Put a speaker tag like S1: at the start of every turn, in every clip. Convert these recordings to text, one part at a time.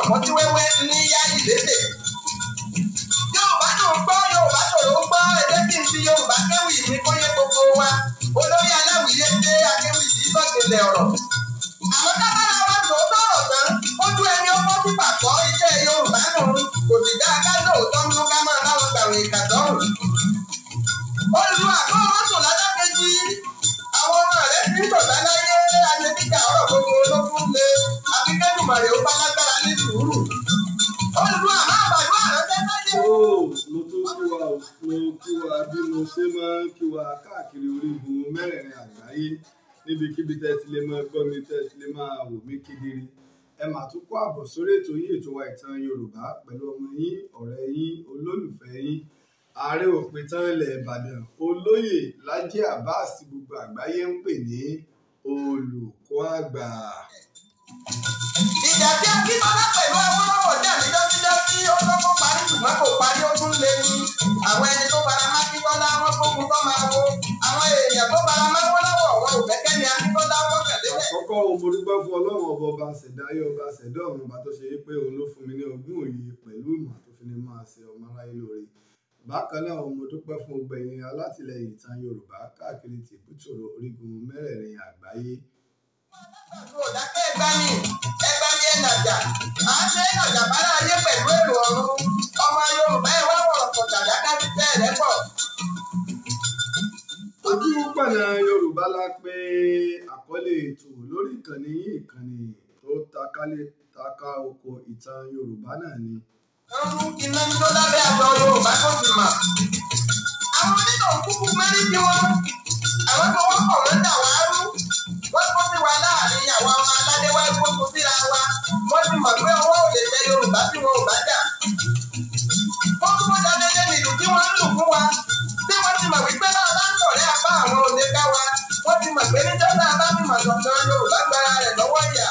S1: pọ̀pọ́tí wẹ́wẹ́ ní yáyì lépè. Yorùbá tó ń gbọ́ Yorùbá tó ló ń gbọ́ ẹgbẹ́ kí n fi Yorùbá kéwì mi kó yé gbogbo wa. Olóyè aláwìyé dé akéwì yìí lọ́gbẹ̀lẹ̀ ọ̀rọ̀.
S2: níbikíbi tẹ́ ti lè máa gbọ́ mi tẹ́ ti lè máa wò mí kedere ẹ mà tún kó àbọ̀ sórí ètò yín ètò wa ìtàn yorùbá pẹ̀lú ọmọ yín ọ̀rẹ́ yín olólùfẹ́ yín ààrẹ òpìtàn ilẹ̀ ìbàdàn olóyè Lájí Abbas gbogbo àgbáyé ń pè ní olùkọ́ àgbà ìjà
S1: tí Akíntola pẹ̀lú
S2: Awólọ́wọ̀ jà ní dọ́kídọ́ tí ó kọ́kọ́ parí ṣùgbọ́n kò parí
S1: ó tún lé ní
S2: àwọn ẹni tó fara mọ́ Akíntola wọn gbógun tó máa wo
S1: àwọn èèyàn tó fara mọ́ Awólọ́wọ̀ wọn ò fẹ́kẹ́ ní Akíntola
S2: wọn tẹ̀lé bẹ́ẹ̀. àkọ́kọ́ o mo dúpẹ́ fún Ọlọ́run ọba ọba ṣẹ̀dáyé ọba ṣẹ̀dá ọ̀run ọba tó ṣe é pé òun ló fún mi ní ogún òye pẹ̀lú ìmọ̀ tó fi ní máa ṣe ọmọ aráyé lóore bákan náà mo dúpẹ́ fún gbẹ̀yìn alátìlẹyìn ìtàn Yorùbá káàkiri tìbútòrò orígun mẹ́rẹ̀ẹ̀rin àgbáyé ọ̀dàpẹ́
S1: ẹgbà mi ẹgbà mi ẹ̀nàjà à ń ṣe ẹ̀nàjà bára ayé pẹ̀lú èrò ọ̀run ọmọ
S2: Yorùbá ẹ̀ wá wọ̀rọ̀kọ̀ dàdá ká ti tẹ́ ẹ̀rẹ́ pọ̀. ojú pọ̀nà Yorùbá la pé àkọlé ètò lórí ìkànnì ìkànnì tó takálé taka oko ìtàn Yorùbá náà ni. ọdún iná ń lọ lábẹ́ àgbà Yorùbá kò sì mà àwọn onítọ̀ kúkú mẹ́rin bí wọ́n àwọn tó wọ́pọ̀ wọ́n dà wá rú wọ́n kó sí wa láàrin àwọn
S1: ọmọ aládé wá gbógun síra wa wọ́n ti mọ̀ pé ọwọ́ ò lè tẹ Yorùbá tí wọn ò bá dà. ó kó dandéjé nìlú tí wọ́n lù fún wa tí wọ́n ti mọ̀ wípé náà bá ń sọ̀rẹ́ apá àwọn òde ká wa wọ́n ti mọ̀ pé níjọ́ náà bá fi mọ̀ sọ̀tàn Yorùbá gbára rẹ̀ lọ́wọ́ ìyà.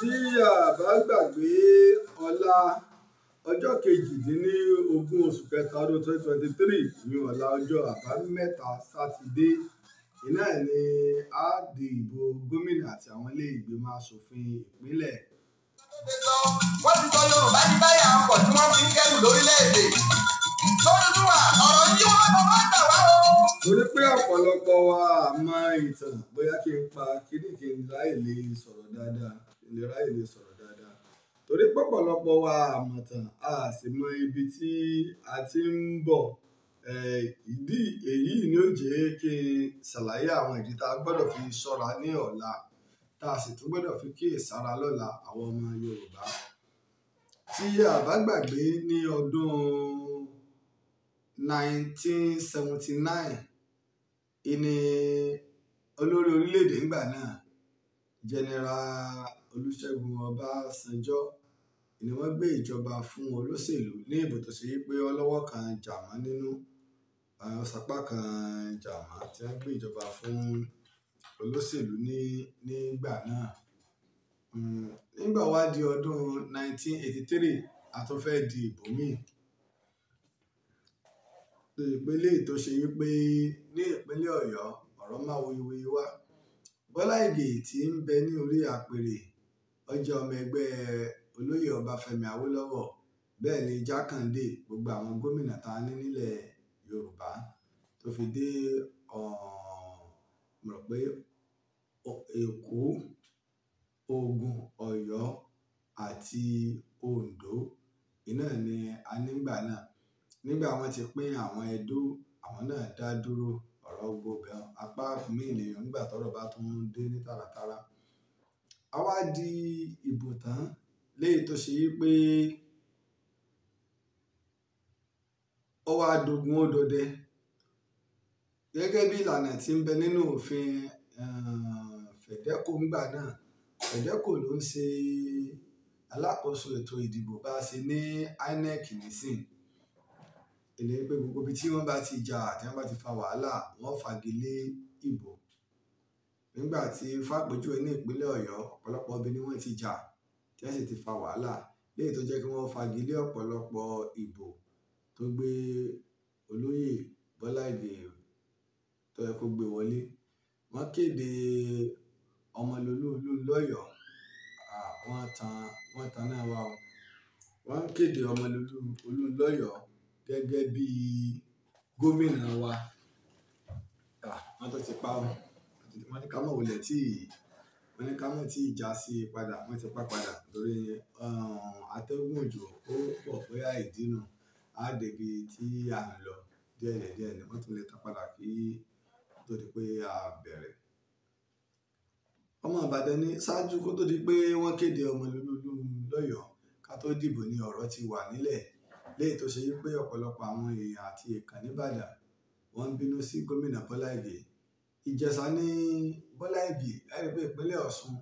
S2: tí a gbàgbé ọlá ọjọ́ kejìdínlógún oṣù kẹta ọdún twenty twenty three ní ọ̀la ọjọ́ àbámẹ́ta sátidé iná ẹ̀ ni a di ìbò gómìnà àti àwọn ilé ìgbìmọ̀ asòfin ìpínlẹ̀. wọ́n ti sọ yorùbá ní báyà ń pọ̀ tí wọ́n fi ń kẹ́rù lórílẹ̀‐èdè
S1: lójúmọ́ ọ̀rọ̀ yìí wọ́n bọ̀ wọ́n gbà
S2: wá o. torí pé ọ̀pọ̀lọpọ̀ wa mọ ìtàn bóyá kí n pa kíní kí n ráyè lè sọ̀rọ̀ dáadáa lè ráyè lè sọ̀rọ̀ dáadáa torí pé wa àmọ̀tàn a sì mọ ibi tí a ti ń bọ̀ ìdí èyí ni ó jẹ́ kí n ṣàlàyé àwọn ìdí tá a gbọ́dọ̀ fi ṣọ́ra ní ọ̀la tá a sì tún gbọ́dọ̀ fi kíyèsára lọ́la àwọn ọmọ Yorùbá tí a bá gbàgbé ní ọdún 1979 ìní olórí orílẹ̀-èdè ńgbà náà General Olúṣẹ́gun Ọbásanjọ́ ni wọ́n gbé ìjọba fún olóṣèlú ní ìbò tó ṣe wípé ọlọ́wọ́ kan jà wọ́n nínú. No ó sapá kan jàmá tí wọ́n gbé ìjọba fún olóṣèlú ní nígbà náà hmm, nígbà wá di ọdún 1983 a tún fẹ́ di ìbò míì ìpínlẹ̀ tó ṣe wípé ní ìpínlẹ̀ ọ̀yọ́ ọ̀rọ̀ máa wuyewuye wá bọ́lá ìgè tí ń bẹ ní orí àpèrè ọjọ́ ọmọ ẹgbẹ́ olóyè ọbáfẹ́mi awolowo bẹ́ẹ̀ ni jákàndé gbogbo àwọn gómìnà tá a ní nílẹ̀ Yorùbá tó fi dé, um, mo rò pé Èkó, Ògùn, Ọ̀yọ́ àti Oǹdó. Iná ni a ní ìgbà náà. Nígbà wọ́n ti pín àwọn Edo, àwọn náà dá dúró ọ̀rọ̀ gbogbo Apá mí lèyàn nígbà tọ́rọ̀ bá tún dé ní tàràtàrà. A wá di ìbò tán léyìí tó ṣe wí pé. ó wáá dogun ó dọdẹ gẹ́gẹ́ bí ìlànà tí ń bẹ nínú òfin eh, fẹ̀dẹ́kò ńgbà náà fẹ̀dẹ́kò ló ń ṣe alákòóso ètò ìdìbò bá a ṣe ní INEC nísìn èlé pé gbogbo ibi tí wọ́n bá ti jà tí wọ́n bá ti fa wàhálà wọ́n fagilé ìbò nígbà tí fàpèjúwe ní ìpínlẹ̀ Ọ̀yọ́ ọ̀pọ̀lọpọ̀ ibi ni wọ́n ti jà tí wọ́n sì ti fa wàhálà léyìí tó jẹ́ kí wọ́n fagilé ọ̀pọ̀lọpọ̀ ìbò tó gbé olóyè Bọ́lá Ìgè tó yẹ kó gbé wọlé. Wọ́n kéde Ọmọlolúùlú lọ́yọ̀ọ́, à wọ́n tan, wọ́n taná wa o. Wọ́n kéde Ọmọlolúùlú lọ́yọ̀ọ́ gẹ́gẹ́ bí gómìnà wa. À wọ́n tun ti pa o. Wọ́n ní ká mọ̀ wulẹ̀ tí, wọ́n ní ká mọ̀ tí ìjà sí padà, wọ́n ti pa padà torí, atẹ́gùn òjò ó pọ̀ bóyá ìdí nu á débi tí à ń lọ díẹ̀ díẹ̀ ni wọ́n tún lè tán padà kí tó di pé a bẹ̀rẹ̀. ọmọ Ìbàdàn ní ṣáájú kó tó di pé wọ́n kéde Ọmọlúlú lọ́yọ̀ọ́ ká tó dìbò ni ọ̀rọ̀ ti wà nílẹ̀ léyìí tó ṣe wípé ọ̀pọ̀lọpọ̀ àwọn èèyàn àti ìkànnì Ìbàdàn wọ́n ń bínú sí gómìnà Bọ́lá Ìgè Ìjẹ̀ṣà ní Bọ́lá Ìgè ẹ̀rí pé ìpínlẹ̀ Ọ̀ṣun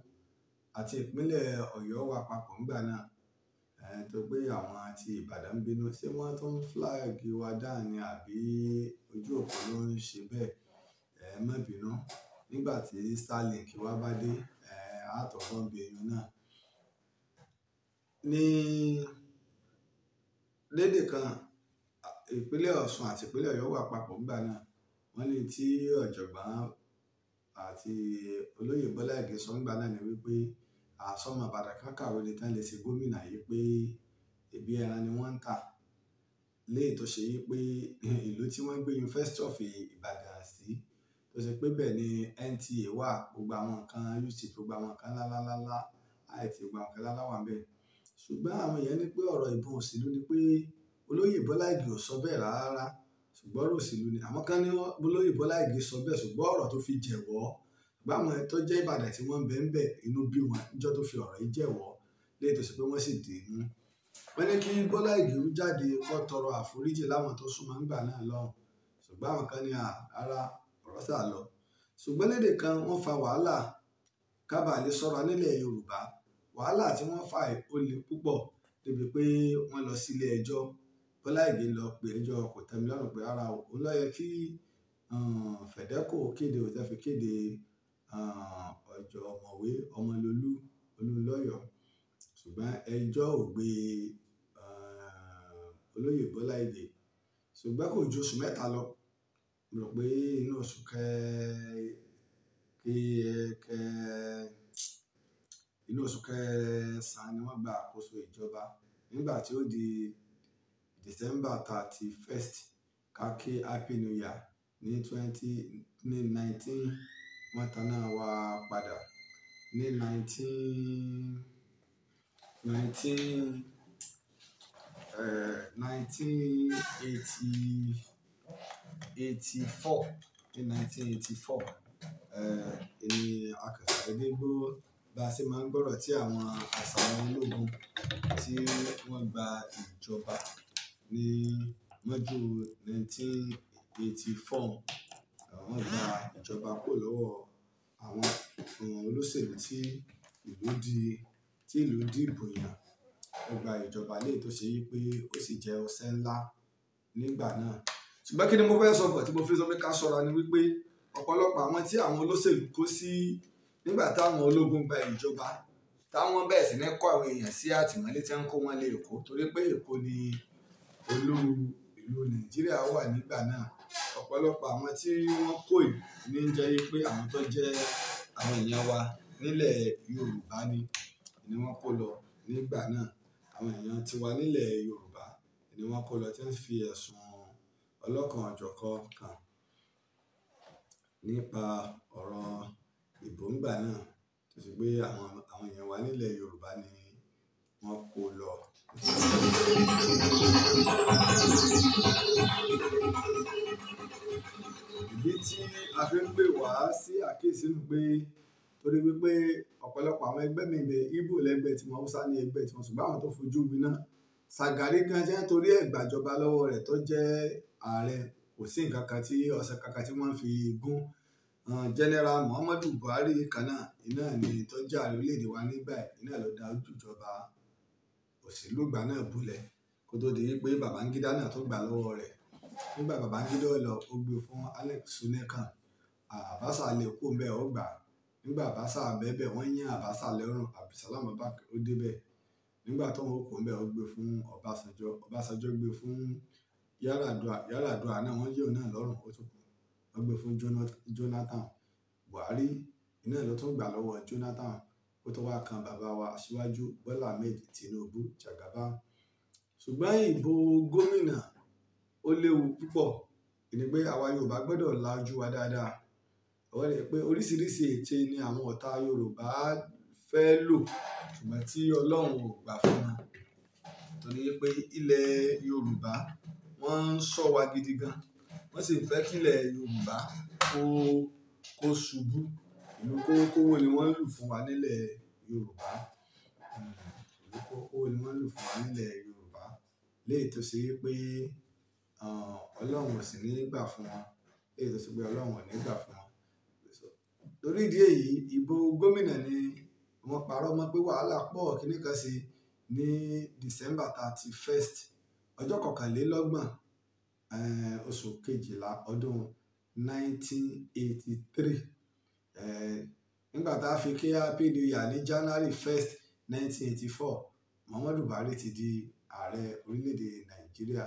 S2: àti ìpínlẹ̀ Ọ̀yọ́ wà papọ̀ ńgbà náà Ẹn tó pé àwọn àti Ìbàdàn ń bínú, ṣé wọ́n tún ń flag wa down ni àbí ojú òpó ló ń ṣe bẹ́ẹ̀? Ẹ má bínú. Nígbà tí Starlink wa bá dé, ẹ́, a tún kọ́ ń bí iyun náà. Ní lédè kan, ìpínlẹ̀ Ọ̀ṣun àti ìpínlẹ̀ Ọ̀yọ́ wà papọ̀ nígbà náà. Wọ́n ní tí ọ̀jọ̀gbọ́n àti olóyè Bọ́lá Ìgè sọ nígbà náà ni wípé àsọmọ Ìbàdàn kan kàwé ní tán lè ṣe gómìnà yìí pé ebi ẹran ni wọ́n ń tà léyìí tó ṣe yí pé ìlú tí wọ́n gbé University of Ìbàdàn sí tó ṣe pé bẹ́ẹ̀ ni NTA wà gbogbo àwọn nǹkan UC gbogbo àwọn nǹkan lálálálá àìtì gbogbo àwọn nǹkan lálá wà bẹ́ẹ̀ ṣùgbọ́n àwọn èèyàn ní pé ọ̀rọ̀ ìbọn òṣèlú ni pé olóyè Bọ́lá Ìgè ò sọ bẹ́ẹ̀ rárá ṣùgbọ́n ọ̀rọ̀ ni àmọ́ kán ní olóyè Bọ́lá Ìgè sọ bẹ́ẹ̀ ṣùgbọ́n ọ̀rọ̀ tó fi jẹ̀wọ́ báwọn tó jẹ́ ìbàdàn tí wọ́n ń bẹ̀ ń bẹ̀ inú bí wọn níjọ́ tó fi ọ̀rọ̀ yìí jẹ́wọ́ lè tó sì pé wọ́n sì dì í mú. wọ́n ní kí Bọ́lá Ìgìrú jáde kó tọrọ àforíjì láwọn tó súnmọ́ ńgbà náà lọ́hùn ṣùgbọ́n àwọn kan ní ara ọ̀rọ̀ sà lọ. ṣùgbọ́n lédè kan wọ́n fa wàhálà kábàlẹ̀ sọ́ra nílẹ̀ Yorùbá wàhálà tí wọ́n fa ó le púpọ̀ débi pé wọ́n lọ sílé ẹjọ́ Bọ́lá Ìgè lọ pé ẹjọ́ kò tẹ́mi pé ara òun ló yẹ kí Fẹ̀dẹ́kò kéde òtẹ́fi kéde Ah, ọjọ́ ọ̀mọ̀wé ọmọlólú olúńlọ́yọ̀ ṣùgbọ́n ẹjọ́ ò gbé ah, olóyè bọ́lá ìgè ṣùgbọ́n kò ju oṣù mẹ́ta lọ mo rò pé inú oṣù kẹ kẹ inú oṣù kẹsàn-án ni wọ́n gba àkóso ìjọba nígbà tí ó di December thirty first ká kí happy new year ní twenty nineteen wọ́n taná wa padà ní nineteen, nineteen, eh, nineteen eighty, eighty-four. Ní nineteen eighty-four, eh, èmi àkànṣe dédé gbọ́ bá ṣe máa ń gbọ́rọ̀ tí àwọn àṣàyàn ológun tí wọ́n gba ìjọba ní mọ́jú nineteen eighty-four. Wọ́n gba ìjọba kúrò lọ́wọ́ àwọn olóṣèlú tí ìlú di tí ìlú dìbò yàn ó gba ìjọba léyìí tó ṣe yí pé ó sì jẹ́ ọṣẹ́ ńlá nígbà náà ṣùgbọ́n kí ni mo fẹ́ sọ bọ̀ tí mo fi sọ pé ká ṣọ́ra ni wípé ọ̀pọ̀lọpọ̀ àwọn tí àwọn olóṣèlú kó sí nígbà táwọn ológun gba ìjọba táwọn bẹ̀rẹ̀ sí ní kó àwọn èèyàn sí àtìmọ́lé tí wọ́n kó wọn lé Èkó torí pé Èkó ni olú ìlú Nàìjíríà wà nígbà náà ọ̀pọ̀lọpọ̀ àwọn tí wọ́n kó ìlú ní jẹ́ pé àwọn tó jẹ́ àwọn èèyàn wa nílẹ̀ Yorùbá ni ni wọ́n kó lọ nígbà náà àwọn èèyàn tiwa nílẹ̀ Yorùbá ni wọ́n kó lọ tí ń fi ẹ̀sùn ọlọ́kan ọ̀jọ̀kan kàn nípa ọ̀rọ̀ ìbò ńgbà náà tó sì pé àwọn èèyàn wa nílẹ̀ Yorùbá ni wọ́n kó lọ.
S3: Thank
S2: you ìdí tí a fi ń pè wá sí àkíyèsí nù pé torí wípé ọ̀pọ̀lọpọ̀ àwọn ẹgbẹ́ mi ibẹ̀ ibo lẹ́gbẹ́ tí wọ́n Hausa ní ẹgbẹ́ tí wọ́n ṣùgbọ́n àwọn tó fojú winá Sàgárí kan jẹ́ torí ẹ̀ gbàjọba lọ́wọ́ rẹ̀ tó jẹ́ ààrẹ kò sí nǹkan kan tí ọ̀sẹ̀ kankan tí wọ́n fi gún general Muhammadu Buhari kan náà iná ni tó jẹ́ ààrẹ orílẹ̀-èdè wa nígbà iná ló da ojújọba òṣèlú gbà náà bulẹ̀ kó tó di wípé Babangida náà tó gbà lọ́wọ́ rẹ̀ Nígbà Babangida lọ, ó gbe fún Alex Sulekan. Àbáṣà lè kó ń bẹ, ó gbà. Nígbà Àbáṣà bẹ́bẹ̀, wọ́n yín Àbáṣà lẹ́rùn. Abdulsalam Abubakar ó dé bẹ̀. Nígbà tó ń kó ń bẹ, ó gbe fún Ọbásanjọ́. Ọbásanjọ́ gbe fún Yaradua. náà wọ́n yí òun náà lọ́rùn, ó tún kú. Wọ́n e fún Jonathan. Buhari iná ló tún gbà lọ́wọ́ Jonathan kó tó wá kan bàbá wa Aṣíwájú Bọ́lá Ahmed Tinubu Jagaban. Ṣùgbọ́n ìbò gómìnà ó léwu púpọ̀ ìní pé àwa Yorùbá gbọ́dọ̀ la ojú wa dáadáa ọ̀rọ̀ rẹ̀ pé oríṣiríṣi ète ni àwọn ọ̀tá Yorùbá fẹ́ lò ṣùgbọ́n tí Ọlọ́run ò gbà fún wọn torí pé ilẹ̀ Yorùbá wọ́n ń ṣọ́ wa gidi gan wọ́n sì fẹ́ kílẹ̀ Yorùbá kó kó ṣubú ìlú kówókówó ni wọ́n lù fún wa nílẹ̀ Yorùbá ìlú kówókówó ni wọ́n lù fún wa nílẹ̀ Yorùbá léè tó pé. Ọlọ́run ò sì ní gbà fún wọn. Léyìí tó ṣe pé Ọlọ́run ò ní gbà fún wọn. Torí ìdí èyí, ìbò gómìnà ni wọ́n parọ́ mọ́ pé wàhálà pọ̀ kíní kan ṣe ní December thirty first, ọjọ́ kọkànlélọ́gbọ̀n, eh, oṣù kejìlá ọdún nineteen eighty three. Eh, nígbà tá a fi kí happy new year ní January first nineteen eighty four, Muhammadu Buhari ti di ààrẹ orílẹ̀-èdè Nàìjíríà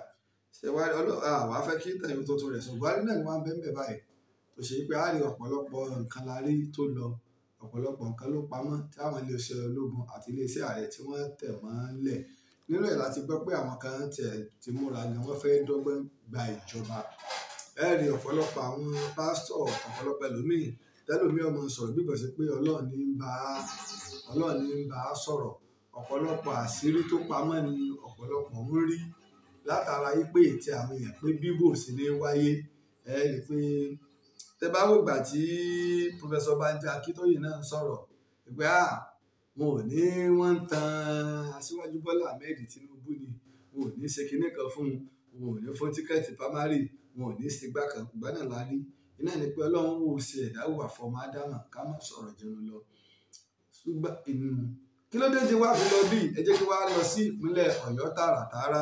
S2: ṣe wá ọlọ́wà wá fẹ́ kí tẹ̀yìn tó tún rẹ̀ sùn buhari náà ni wọ́n bẹ́ẹ̀ bẹ́ẹ̀ báyìí tó ṣe pé a rí ọ̀pọ̀lọpọ̀ nǹkan la rí tó lọ ọ̀pọ̀lọpọ̀ nǹkan ló pamọ́ tí àwọn iléeṣẹ́ ológun àti iléeṣẹ́ ààrẹ tí wọ́n tẹ̀ mọ́ lẹ̀ nínú ẹ̀ láti gbọ́ pé àwọn kan tiẹ̀ ti múra gan wọ́n fẹ́ dọ́gbọ́n gba ìjọba ẹ rí ọ̀pọ̀lọpọ̀ àwọn pásítọ̀ ọ̀pọ̀lọpọ̀ látara yí pé ètí àwọn èèyàn pé bíbò sí ní wáyé ẹ rí i pé tẹ bá wò gbà tí pòfẹsọ Banji Akíntóyè náà ń sọ̀rọ̀ pé à wọn ò ní wọn tan aṣíwájú Bọ́lá Ahmed Tinubu ni wọn ò ní ṣe kinní kan fún un wọn ò ní fún tíkẹ́ẹ̀tì pamari wọn ò ní ṣe gbàkan gbàdàn lárí iná ní pé Ọlọ́run wò ó ṣe ẹ̀dá wà fọmọ ádámà ká má sọ̀rọ̀ jẹun lọ ṣùgbọ́n inú kí ló dé tí wàá fi lọ bí ẹ jẹ́ kí wàá lọ sí ìpínlẹ̀ ọ̀yọ́ tààràtààrà.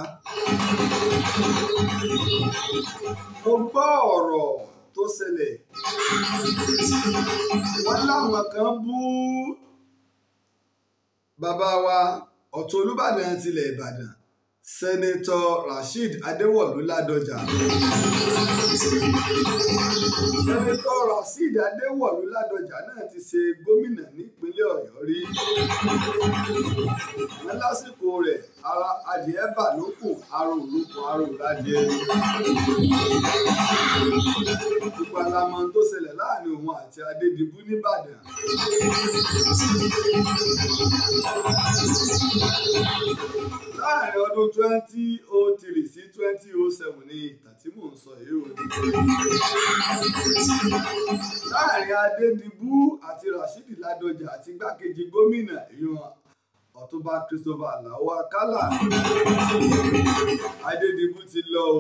S2: mo gbọ́ ọ̀rọ̀ tó ṣẹlẹ̀ wọ́n láwọn kan bú bàbá wa ọ̀tún olúbàdàn tilẹ̀ ìbàdàn sẹ́nitọ́ Rasheed Adéwọ̀lú Ládọjà. sẹ́nitọ́ Rasheed Adéwọ̀lú Ládọjà náà ti ṣe gómìnà nípínlẹ̀ Ọ̀yọ́ rí. àwọn lásìkò rẹ̀ ara adìẹ bà lókùn aró olókùn aró ládìẹ. gbogbo alamọ tó ṣẹlẹ̀ láàrin òun àti Adédìbú nìbàdàn. Thank you láàrin ọdún twenty o oh three sí twenty o oh seven ni ìtàn tí mò ń sọ yìí ò ní kò ní kò láàrin adédìbú àti rasheed ládọjà àti igbákejì gómìnà ìyọ̀n ọ̀túnba christopher aláwọ̀ akálà adédìbú ti lọ o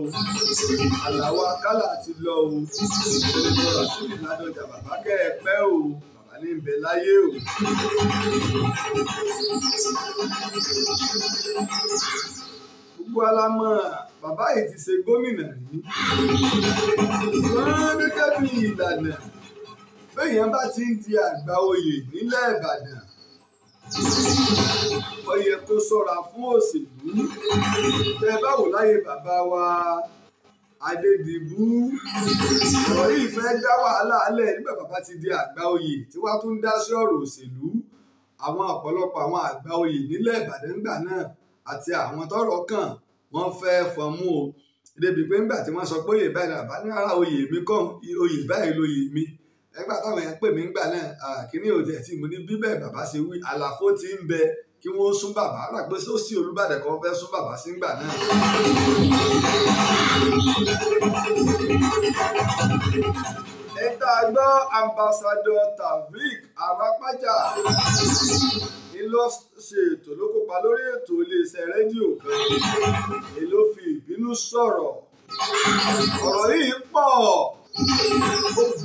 S2: aláwọ̀ akálà ti lọ o ṣèlè tó rasheed ládọjà bàbá kẹ́ ẹ pẹ́ o ní ń bẹ láyé o. gbogbo alamọ bàbá yìí ti ṣe gómìnà rí wọn gẹ́gẹ́ bí ìlànà béèyàn bá ti ń di àgbà oyè nílẹ̀ Ìbàdàn ó yẹ kó fún òṣèlú tẹ́ báwo láyé bàbá wa. Adédìbú ọ̀rọ̀ yìí fẹ́ dá wàhálà alẹ̀ nígbà bàbá ti di àgbà oyè tí wàá tún dá sí ọ̀rọ̀ òṣèlú àwọn ọ̀pọ̀lọpọ̀ àwọn àgbà oyè nílẹ̀ Ìbàdàn ńgbà náà àti àwọn tọ́rọ̀ kàn wọ́n fẹ́ fọ́n mú o débi pé ńgbà tí wọ́n sọ pé oyè báyìí bàbá ní ara oyè mi kọ́ oyè báyìí lóyè mi ẹgbà táwọn yẹn pè mí ńgbà náà kíní òde ẹ̀ tí mo ní bíbẹ̀ bàbá ṣe wí àlàfo ti ń bẹ kí wọ́n sún bàbá rà pé sósì Olúbàdàn kan fẹ́ sún bàbá sígbà náà. ẹ̀ta gbọ́ ambassador Taofeek Arapaja ló ṣe ètò ló kópa lórí ètò iléeṣẹ́ rédíò kan èló fi ìbínú sọ̀rọ̀ ọ̀rọ̀ yìí pọ̀ ó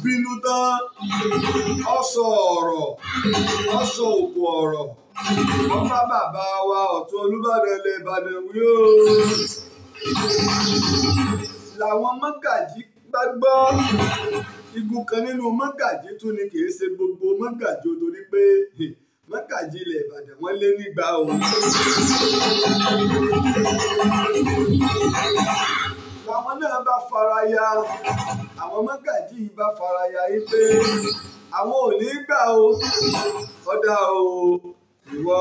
S2: bínú tán ó sọ ọ̀rọ̀ sọ òkú ọ̀rọ̀ wọ́n bá bàbá wa ọ̀tún olúbàdàn ilẹ̀ ìbàdàn wí o. làwọn mọ́gàjí bá gbọ́ igun kan nínú mọ́gàjí tún ni kì í ṣe gbogbo mọ́gàjí o torí pé mọ́gàjí ilẹ̀ ìbàdàn wọ́n lé nígbà o. làwọn náà bá faraya àwọn mọ́gàjí yìí bá faraya yìí pé àwọn ò ní gbà o ọ̀dà o ìwọ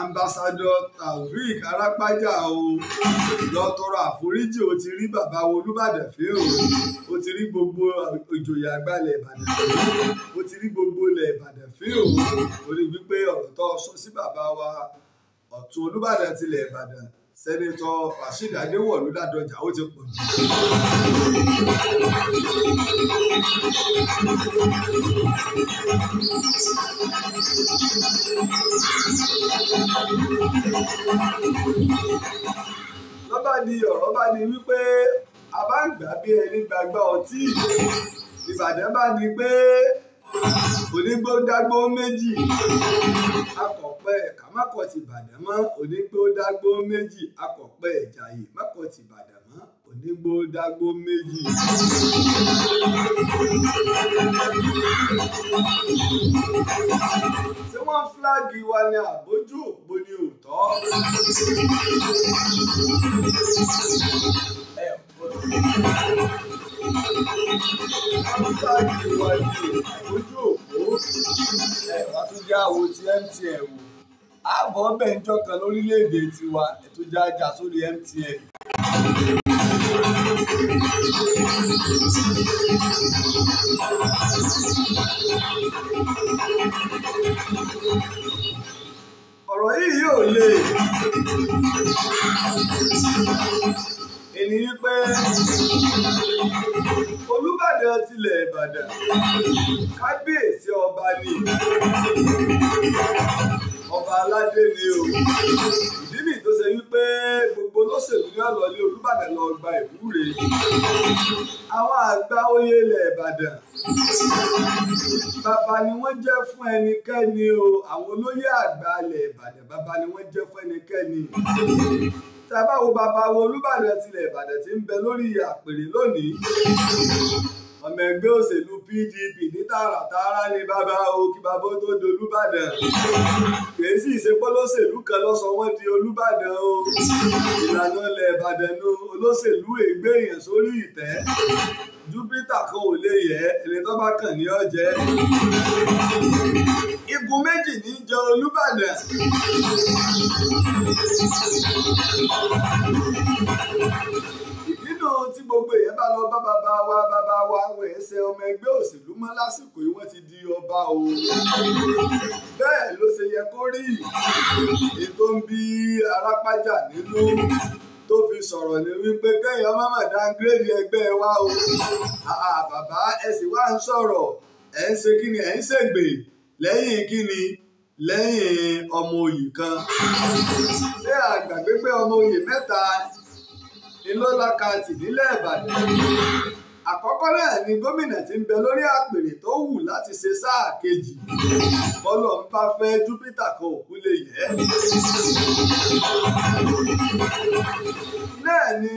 S2: ambassadọ taofeek arápájà o lọ tọrọ àforíjì o ti rí bàbá olùbàdàn fẹ o o ti rí gbogbo ìjòyè àgbàlẹ̀ ìbàdàn fẹ o ti rí gbogbo ilẹ̀ ìbàdàn fẹ o o rí wípé ọ̀rọ̀ tó sọ sí bàbá wa ọ̀tún olùbàdàn tilẹ̀ ìbàdàn sẹ́nitọ́ rasheed adéwọ̀lú ládọjà ó ti pọ̀ jù. lọ́ba di ọ̀rọ̀ bá di wípé a bá ń gbà bí ẹni gbàgbọ́ ọtí ìbàdàn bá di pé onígbó dágbó méjì akọ̀pẹ́ ẹ̀ka mákọ̀ ti bàdàn mọ́ onígbó dágbó méjì akọ̀pẹ́ ẹ̀jàyè mákọ̀ ti bàdàn mọ́ onígbó dágbó méjì. ṣé wọ́n fúláàgì wa ni àbójú òpó ni òótọ́? ẹ̀ ọ́ ámúsáàkì wà ní ojú òpó ẹ̀wà tó jẹ́ àwo ti MTN wò ààbọ̀ ọbẹ̀ ń jọkan lórílẹ̀‐èdè tiwa ètò jájà sórí MTN. ọ̀rọ̀ yìí yóò le èmi wípé olùbàdàn tilẹ̀ ìbàdàn kábíyèsí ọba ni ọba aládé ni o ìdí nìyí tó ṣe wípé gbogbo olóṣèlú ní ọlọ́lé olùbàdàn lọ gba ìwúre àwọn àgbà oyè ilẹ̀ ìbàdàn bàbá ni wọ́n jẹ́ fún ẹnikẹ́ni o àwọn olóyè àgbà ilẹ̀ ìbàdàn bàbá ni wọ́n jẹ́ fún ẹnikẹ́ni tá a bá wo bàbá wo Olúbàdàn tilẹ̀ Ìbàdàn tí ń bẹ lórí àpèrè lónìí ọmọ ẹgbẹ́ òṣèlú PDP ní tààràtààrà ni bàbá o kí bàbá tó dolúbàdàn kì í sì ṣe pọ́lọ́ṣèlú kan lọ́sọ̀ di olúbàdàn o ìlànà ilẹ̀ ìbàdàn nu olóṣèlú ègbé èèyàn sórí ìtẹ́ júpítà kan ò lè yẹ ẹni tó bá kàn ní ọjẹ igun méjì ní jẹ olúbàdàn gbogbo èèyàn bá lọ bá bàbá wa bàbá wa àwọn ẹsẹ̀ ọmọ ẹgbẹ́ òṣèlú mọ́ lásìkò yìí wọ́n ti di ọba o bẹ́ẹ̀ ló ṣe yẹ kó rí ètò ń bí arápájà nínú tó fi sọ̀rọ̀ ní wípé kéèyàn má mà dáńgírèdì ẹgbẹ́ wa o bàbá ẹ sì wá ń sọ̀rọ̀ ẹ ń ṣe kí ni ẹ ń ṣègbè lẹ́yìn kí ni lẹ́yìn ọmọ òyì kan ṣé àgbàgbé pé ọmọ òyì mẹ́ta ńlọ́lá kàǹtì nílẹ̀ ìbàdàn àkọ́kọ́ náà ni gómìnà ti ń bẹ lórí àpèrè tó wù láti ṣe sáà kejì bọ́lọ̀ ń bá fẹ́ júpítà kan òkú lè yẹ. náà ni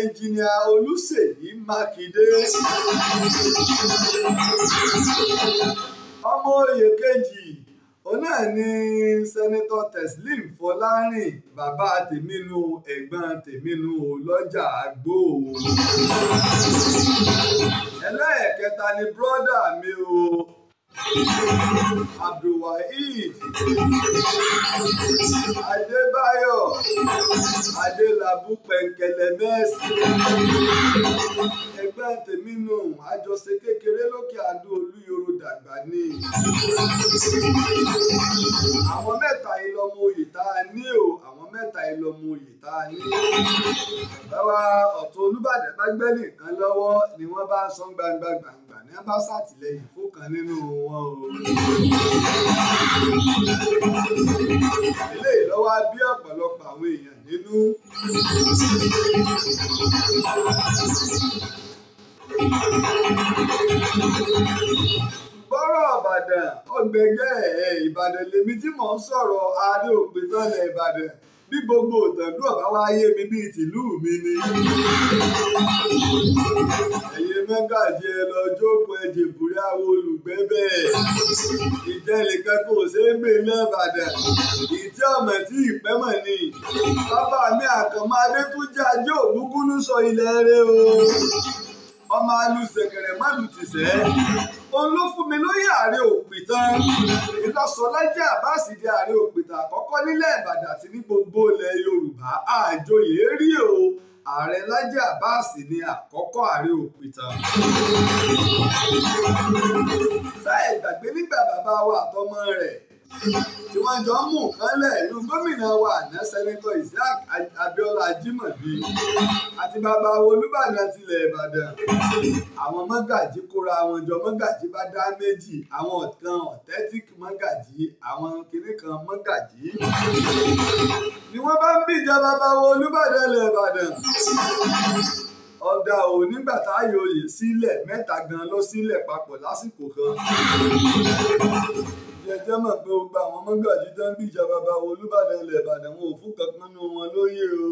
S2: ẹnjìnìà olùṣèyí mákindé ọmọ oyè kejì òun náà ni sẹ́nitọ́ Teslim Fọlárìn bàbá tèmínú ẹ̀gbọ́n tèmínú lọ́jà gbòò. ẹlẹ́ẹ̀kẹta ni bírọ́dà mi o abdulwaheed adébáyọ̀ adélábù pẹ̀ǹkẹ̀lẹ̀ mẹ́sì ẹgbẹ́ tèmi nù àjọṣe kékeré lókè àdó olúyoro dàgbà ni àwọn mẹ́ta ìlọmọ oyè tá a ní o àwọn mẹ́ta ìlọmọ oyè tá a ní bàbá ọ̀tún olúbàdàn bá gbẹ́ nìkan lọ́wọ́ ni wọ́n bá sọ gbangba gbàngàn àgbà ní bá ṣàtìlẹ́yìn fún kan nínú wọn o. eléyìí ló wá bí ọ̀pọ̀lọpọ̀ àwọn èèyàn nínú. bọ́rọ̀ Ìbàdàn ọgbẹ́gbẹ́ Ìbàdàn lèmi tí mò ń sọ̀rọ̀ adé òpin tọ́lẹ̀ Ìbàdàn bí gbogbo òtẹ̀lú ọ̀bá wá yé mi bíi tìlú mi ni. ẹ̀yin mẹ́gàjì ẹ lọ jókòó ẹ jèbúrí àwọn olùgbé bẹ́ẹ̀. ìjẹ́lẹ̀kẹ́ kò ṣeé gbé lẹ́bàdàn. ìtí ọ̀mọ̀ tí ìpẹ́mọ̀ ni. bàbá mi àkànmọ́ adétúnjẹ́ ajé ògúngúnú sọ ilẹ̀ rẹ o ọmọ alùsẹ̀kẹ̀rẹ̀ málù ti sẹ́ òun ló fún mi lóyè ààrẹ òpìtàn ìlọsọlájà àbáàsì di ààrẹ òpìtàn àkọ́kọ́ nílẹ̀ ìbàdàn àti ní gbogbo ilẹ̀ yorùbá àjòyè rí o ààrẹ lájà àbáàsì ni àkọ́kọ́ ààrẹ òpìtàn. sáà ìgbàgbé nígbà bàbá wa àtọmọ rẹ̀ tí wọ́n jọ ń mú kánlẹ̀ ìlú gómìnà wa àná sẹ́nitọ́ Isiaq Abíọ́lá Ajímọ̀bí àti bàbá Olúbàdàn tilẹ̀ Ìbàdàn àwọn mọ́gàjí kóra wọn jọ mọ́gàjí bá dá méjì àwọn ọ̀kan authentic mọ́gàjí àwọn kìnnì kan mọ́gàjí ni wọ́n bá ń bìjà bàbá Olúbàdàn ilẹ̀ Ìbàdàn ọ̀dà ò nígbà tá a yòòyè sílẹ̀ mẹ́ta gan ló sílẹ̀ papọ̀ lásìkò kan jẹjẹ mọ̀ pé gbogbo àwọn mọ́gàjí tó ń bí ìjọba bá wo olúbàdàn ilẹ̀ ìbàdàn wọn ò fún kankan nínú wọn lóyè o.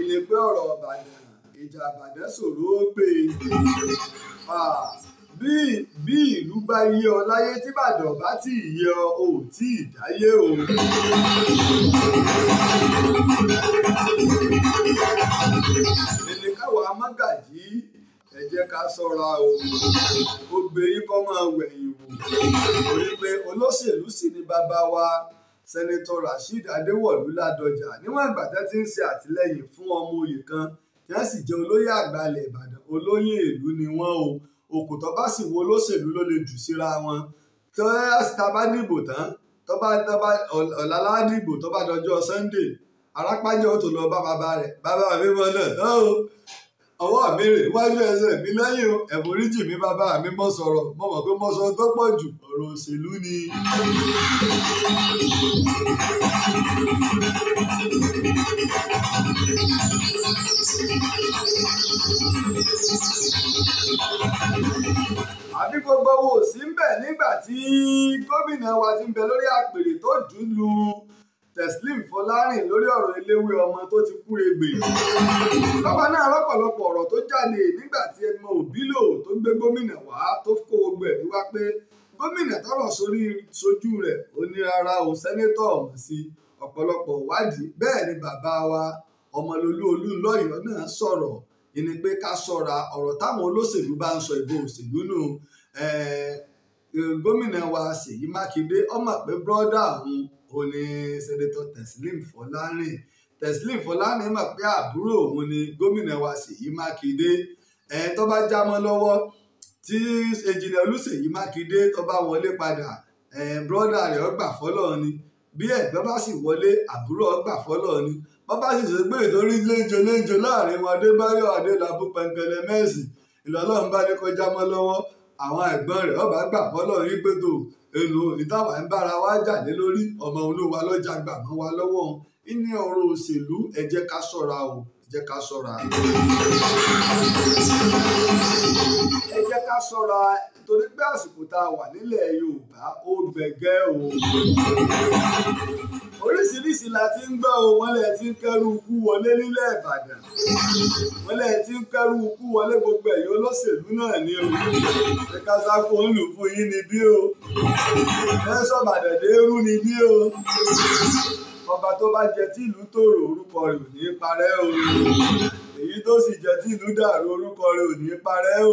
S2: ìlẹ̀gbẹ́ ọ̀rọ̀ ìbàdàn ìjà ìbàdàn ṣòro ó gbé bí ìlú bá yé ọ láyé tí ìbàdàn bá tí yé ọ ò tí ì dáyé o jẹ́ ká ṣọ́ra o obìnrin kọ́ máa wẹ̀yìn wò torí pé olóṣèlú sì ni bàbá wa sẹ́nitọ́ Rasheed Adéwọ̀lú Ládọjà níwọ̀n ìgbà tẹ́ ti ń ṣe àtìlẹ́yìn fún ọmọ òye kan tí wọ́n sì jẹ́ olóyè àgbàlẹ̀ Ìbàdàn olóyè ìlú ni wọ́n o òkú tó bá sì wo olóṣèlú ló lè jù síra wọn tó dìbò tán tó bá tó bá dọjọ́ Sunday arápájọ́ tó lọ bá bàbá rẹ̀ bàbá mi mọ́ náà tán o ọwọ́ mi rè wájú ẹsẹ̀ mi lẹ́yìn o ẹ̀fọ́ríjì mi bàbá mi mọ̀ sọ̀rọ̀ mo mọ̀ pé mo sọ tó pọ̀ jù ọ̀rọ̀ òṣèlú ni. àbí gbogbo wo sí ń bẹ̀ nígbà tí gómìnà wa ti ń bẹ lórí àpèrè tó dùn lù ú. Teslim Fọlárìn lórí ọ̀rọ̀ eléwé ọmọ tó ti kú egbè. Bàbá náà rọ́pọ̀lọpọ̀ ọ̀rọ̀ tó jáde nígbà tí Edmond Obilo tó gbé gómìnà wá tó kó gbogbo ẹ̀rí wá pé gómìnà tọrọ sórí sojú rẹ̀ ó ní rárá o sẹ́nétọ̀ ọ̀mọ̀ sí ọ̀pọ̀lọpọ̀ ìwádìí bẹ́ẹ̀ ni bàbá wa ọmọlolú olúńlọ́yọ̀ náà sọ̀rọ̀ ìní pé ká ṣọ́ra ọ̀rọ̀ táwọn olóṣèlú bá ń sọ ìbò òṣèlú nù gómìnà wa Ṣèyí Mákindé ọmọ pé bọ́dà òun ó ní sẹ́nẹ́tọ̀ Teslim Fọlárìn Teslim Fọlárìn mọ̀ pé àbúrò òun ni gómìnà wa Ṣèyí Mákindé ẹ̀ tó bá já mọ́ lọ́wọ́ tí Ẹ̀jìnlẹ̀ Olúṣèyí Mákindé tó bá wọlé padà ẹ̀ bọ́dà rẹ̀ ọgbà fọ́lọ́ ni bí ẹ̀gbọ́n bá sì wọlé àbúrò ọgbà fọ́lọ́ ni wọ́n bá sì ṣègbè torí léńjọ léńjọ láàrin wọn Adébáyọ̀ Adélabú pẹ̀ngẹ̀lẹ̀ ìlọ́lọ́run bá ní kọjá mọ́ lọ́wọ́ àwọn ẹ̀gbọ́n rẹ̀ ọba gbà fọlọ́ rí pé tó èlò ìtawà ń bára wa jà lé lórí ọmọ olówó alọ́jà gbà mọ́ wa lọ́wọ́ òun ní ọ̀rọ̀ òṣèlú ẹ ká ṣọ́ra o ẹ ká ṣọ́ra. ẹ ká ṣọ́ra torí pé àsìkò tá a wà nílẹ̀ Yorùbá ó gbẹ̀gẹ́ o oríṣiríṣi la ti ń gbọ́ o wọ́n lẹ̀ ti ń kẹ́rù ikú wọlé nílẹ̀ ìbàdàn wọ́n lẹ̀ ti ń kẹ́rù ikú wọlé gbogbo ẹ̀yọ́ olóṣèlú náà ní o ẹ kásákó ń lù fún yín ni bí o ẹ sọ̀bàdàn dé rú ni bí o ọba tó bá jẹ tí ìlú tòrò orúkọ rẹ̀ ò ní parẹ́ o èyí tó sì jẹ tí ìlú dàrú orúkọ rẹ̀ ò ní parẹ́ o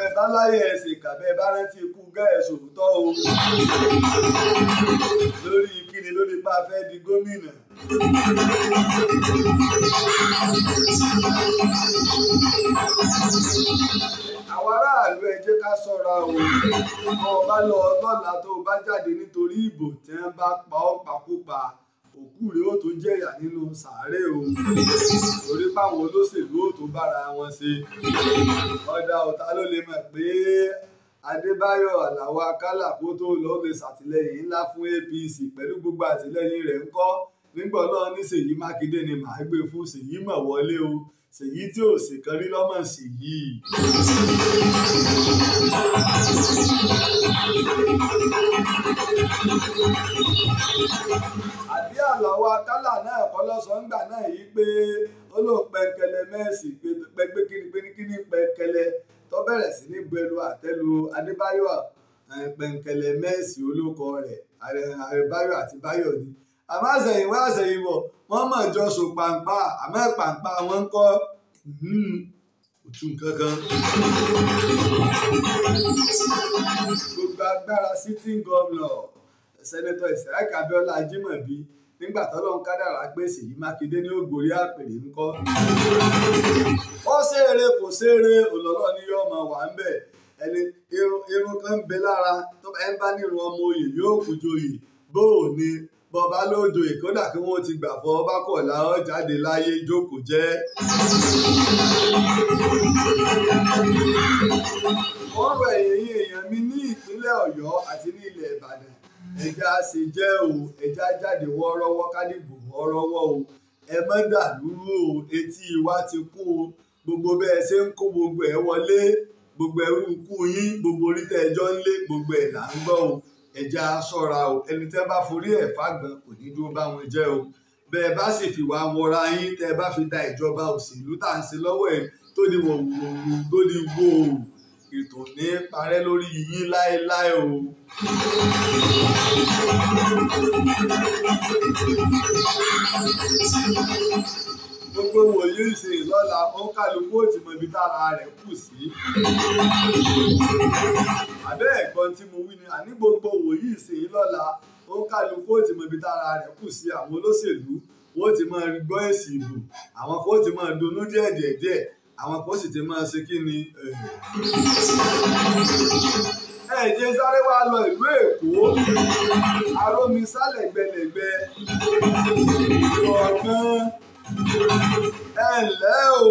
S2: bẹ́ẹ̀ bá láyé ẹ̀sìn kàbẹ́ bá rántí ikú gáẹ̀ sòótọ́ o lórí kíni lórí pa fẹ́ di gómìnà. àwọn aráàlú ẹ jẹ́ ká ṣọ́ra o ọba lọ ọlọ́lá tó bá jáde nítorí ìbò tí wọ́n bá pa ọ́ pàkópa òkú rèé ó tó jẹ̀yà nínú sàárẹ̀ o torí báwọn olóṣèlú ò tó bára wọn ṣe ọ̀dà ọ̀tá ló lè mọ̀ pé Adébáyọ̀ Aláwọ Akálà kó tó lọ lè ṣàtìlẹ́yìn ńlá fún APC pẹ̀lú gbogbo àtìlẹ́yìn rẹ̀ ńkọ́ nígbà náà ní Ṣèyí Mákindé ni màá gbé fún Ṣèyí mọ̀ wọlé o Ṣèyí tí ò sì kan rí lọ́mọ Ṣèyí àlàó akálà náà kọ́ lọ́sàn-án gbà náà yìí pé ó lóun pẹ̀kẹ̀lẹ̀ mẹ́ẹ̀sì pẹ̀gbẹ́ kíni pẹ̀kíní pẹ̀kẹ̀lẹ̀ tó bẹ̀rẹ̀ sí ní gbẹlu àtẹ́lu adébáyọ̀ pẹ̀kẹ̀lẹ̀ mẹ́ẹ̀sì olóko rẹ̀ àrẹ̀báyọ̀ àti báyọ̀ ni àmọ́ àṣẹ̀yìnwá àṣẹ̀yìnbọ̀ wọ́n mọ̀ jọ sùn pàǹpà àmọ́ pàǹpà wọn kọ́ hmm, òtún kankan. gbogbo agbára sitting governor sẹ́nẹ́tọ̀ Ìsàkí Abíọ́lá Ajímọ̀bí nígbà tọ́lọ́run kádàrá gbèsè yìí mákindé ní ògòrí àpèrè ńkọ́. ó ṣeré kò ṣeré òlọ́lọ́ ni yóò máa wà ń bẹ̀ ẹni irun kan ń bẹ lára tó ẹ bá nírun ọmọ oyè yóò kú joyè bó ni ní bọba lóòjò ìkódà kí wọn ti gbà fọ ọba kọ làwọn jáde láyé jókòó jẹ. ọ̀rọ̀ ẹ̀yìn èèyàn mi ní ìpínlẹ̀ Ọ̀yọ́ àti ní ẹja ṣe jẹ́ o ẹja jáde wọ́ọ́rọ́wọ́ kádìgbò wọ́ọ́rọ́wọ́ o ẹ má dàlúrú o etí wa ti kú o gbogbo bẹ́ẹ̀ ṣe ń kó gbogbo ẹ̀ wọlé gbogbo ẹrú ń kú yín gbogbo orí tẹ́ ẹjọ́ ń lé gbogbo ẹ̀ là ń gbọ́ o ẹja ṣọ́ra o ẹni tẹ́ bá forí ẹ̀ fàgbọ́n kò ní dúró bá wọn jẹ́ o bẹ́ẹ̀ bá sì fìwà wọra yín tẹ́ bá fi da ìjọba òṣèlú tá à ń ṣe lọ́wọ́ ẹ̀ tó di wọ̀wùwọ̀wù tó di gbòòrò ètò ní parẹ́ lórí yín láéláé o. gbogbo wòlíì ìṣe lọ́la ó kálukú ó mọ ibi tára rẹ̀ kù sí. àbẹ́ ẹ̀gbọ́n tí mo wí ni àní gbogbo wòlíì ìṣe lọ́la ó kálukú ó mọ ibi tára rẹ̀ kù sí àwọn olóṣèlú wọ́n ti máa gbọ́ èsì ìbò àwọn kò ti máa dunnú díẹ̀díẹ̀díẹ̀ àwọn kan sì ti máa ṣe kí ni. Eh. ẹ sáré wá lọ ìlú èkó arómi sálẹ̀gbẹ̀lẹ̀gbẹ̀ ọ̀gbọ́n ẹ ǹlẹ́ o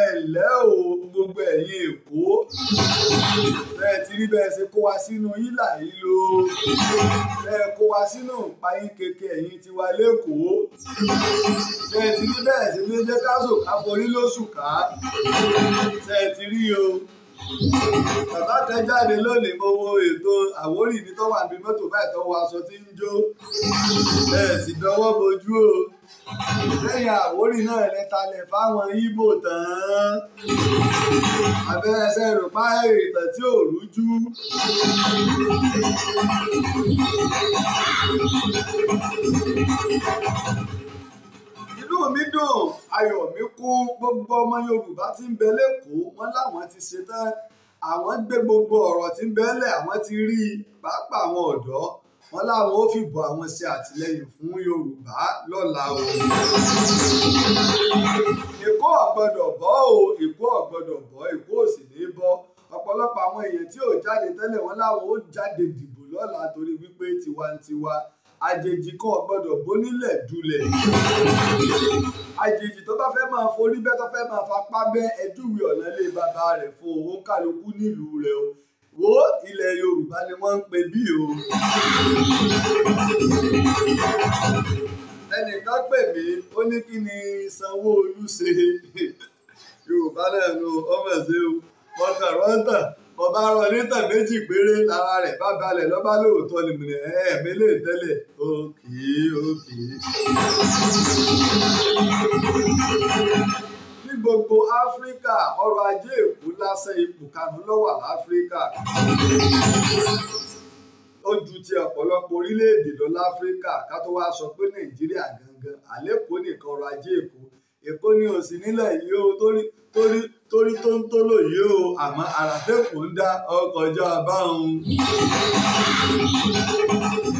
S2: ẹ o gbogbo ẹ̀yin èkó bẹ́ẹ̀ ti rí bẹ́ẹ̀ ṣe kó wa sínú yílà yìí lo bẹ́ẹ̀ kó wa sínú ìpayín keke ẹ̀yin ti wa lẹ́kọ̀ọ́ bẹ́ẹ̀ ti rí bẹ́ẹ̀ ṣe lé jẹ́ ká sòkà lóṣù ká bẹ́ẹ̀ ti rí o bàbá kan lónìí mo wo ètò àwórì mi tó wà ní mọ́tò báyìí tó wọ aṣọ tí ń jó ẹ̀ sì dọwọ́ bojú o lẹ́yìn àwórì náà lẹ́talẹ̀ fáwọn Ìgbò tán abẹ́rẹ́sẹ̀ rò pa ìtàn tí ò rújú. Thank you inú mi dùn ayọ̀ mi kún gbogbo ọmọ yorùbá tí ń bẹ lẹ́kọ̀ọ́ wọn láwọn ti ṣetán àwọn gbé gbogbo ọ̀rọ̀ tí ń bẹ́lẹ̀ àwọn ti rí i pàápàá àwọn ọ̀dọ́ wọn láwọn ó fìbò àwọn ṣe àtìlẹ́yìn fún yorùbá lọ́la o. èkó ọ̀gbọ́dọ̀ bọ́ o èkó ọ̀gbọ́dọ̀ bọ́ èkó ò sì ní bọ́ ọ̀pọ̀lọpọ̀ àwọn èèyàn tí ò jáde tẹ́lẹ̀ wọn láwọn ó jáde dìbò lọ́la torí wípé tiwantiwa àjèjì kò gbọ́dọ̀ bónílẹ̀ dulẹ̀ àjèjì tó bá fẹ́ máa forí bẹ́ tó fẹ́ máa fapá bẹ́ ẹdúwì ọ̀nà ilé bàbá rẹ̀ fún owó kálukú nílùú rẹ̀ o wo ilẹ̀ Yorùbá ni wọ́n ń pè bí o ẹnìkan pè mí ó ní kí ni Sanwó-Olú ṣe Yorùbá náà nu ọmọ ẹ̀sẹ̀ o wọ́n tà wọ́n tà. ọba rọ lítà méjì péré lára rẹ bá balẹ̀ lọ́ba lóòótọ́ ni mo ní ẹ̀ẹ́mí lè tẹ́lẹ̀ òkè òkè. ní gbogbo áfíríkà ọrọ̀ ajé èkó lásán ipò kanu lọ́wọ́ láfíríkà ó ju ti ọ̀pọ̀lọpọ̀ orílẹ̀-èdè lọ láfíríkà ká tó wáá sọ pé nàìjíríà gangan àlékòó nìkan ọrọ̀ ajé èkó èkó ni òsì nílẹ̀ yìí ó torí torí torí tó ń tó lòye o àmọ́ àràfẹ́kù ń dá ọkọ̀jọ́ abáhùn.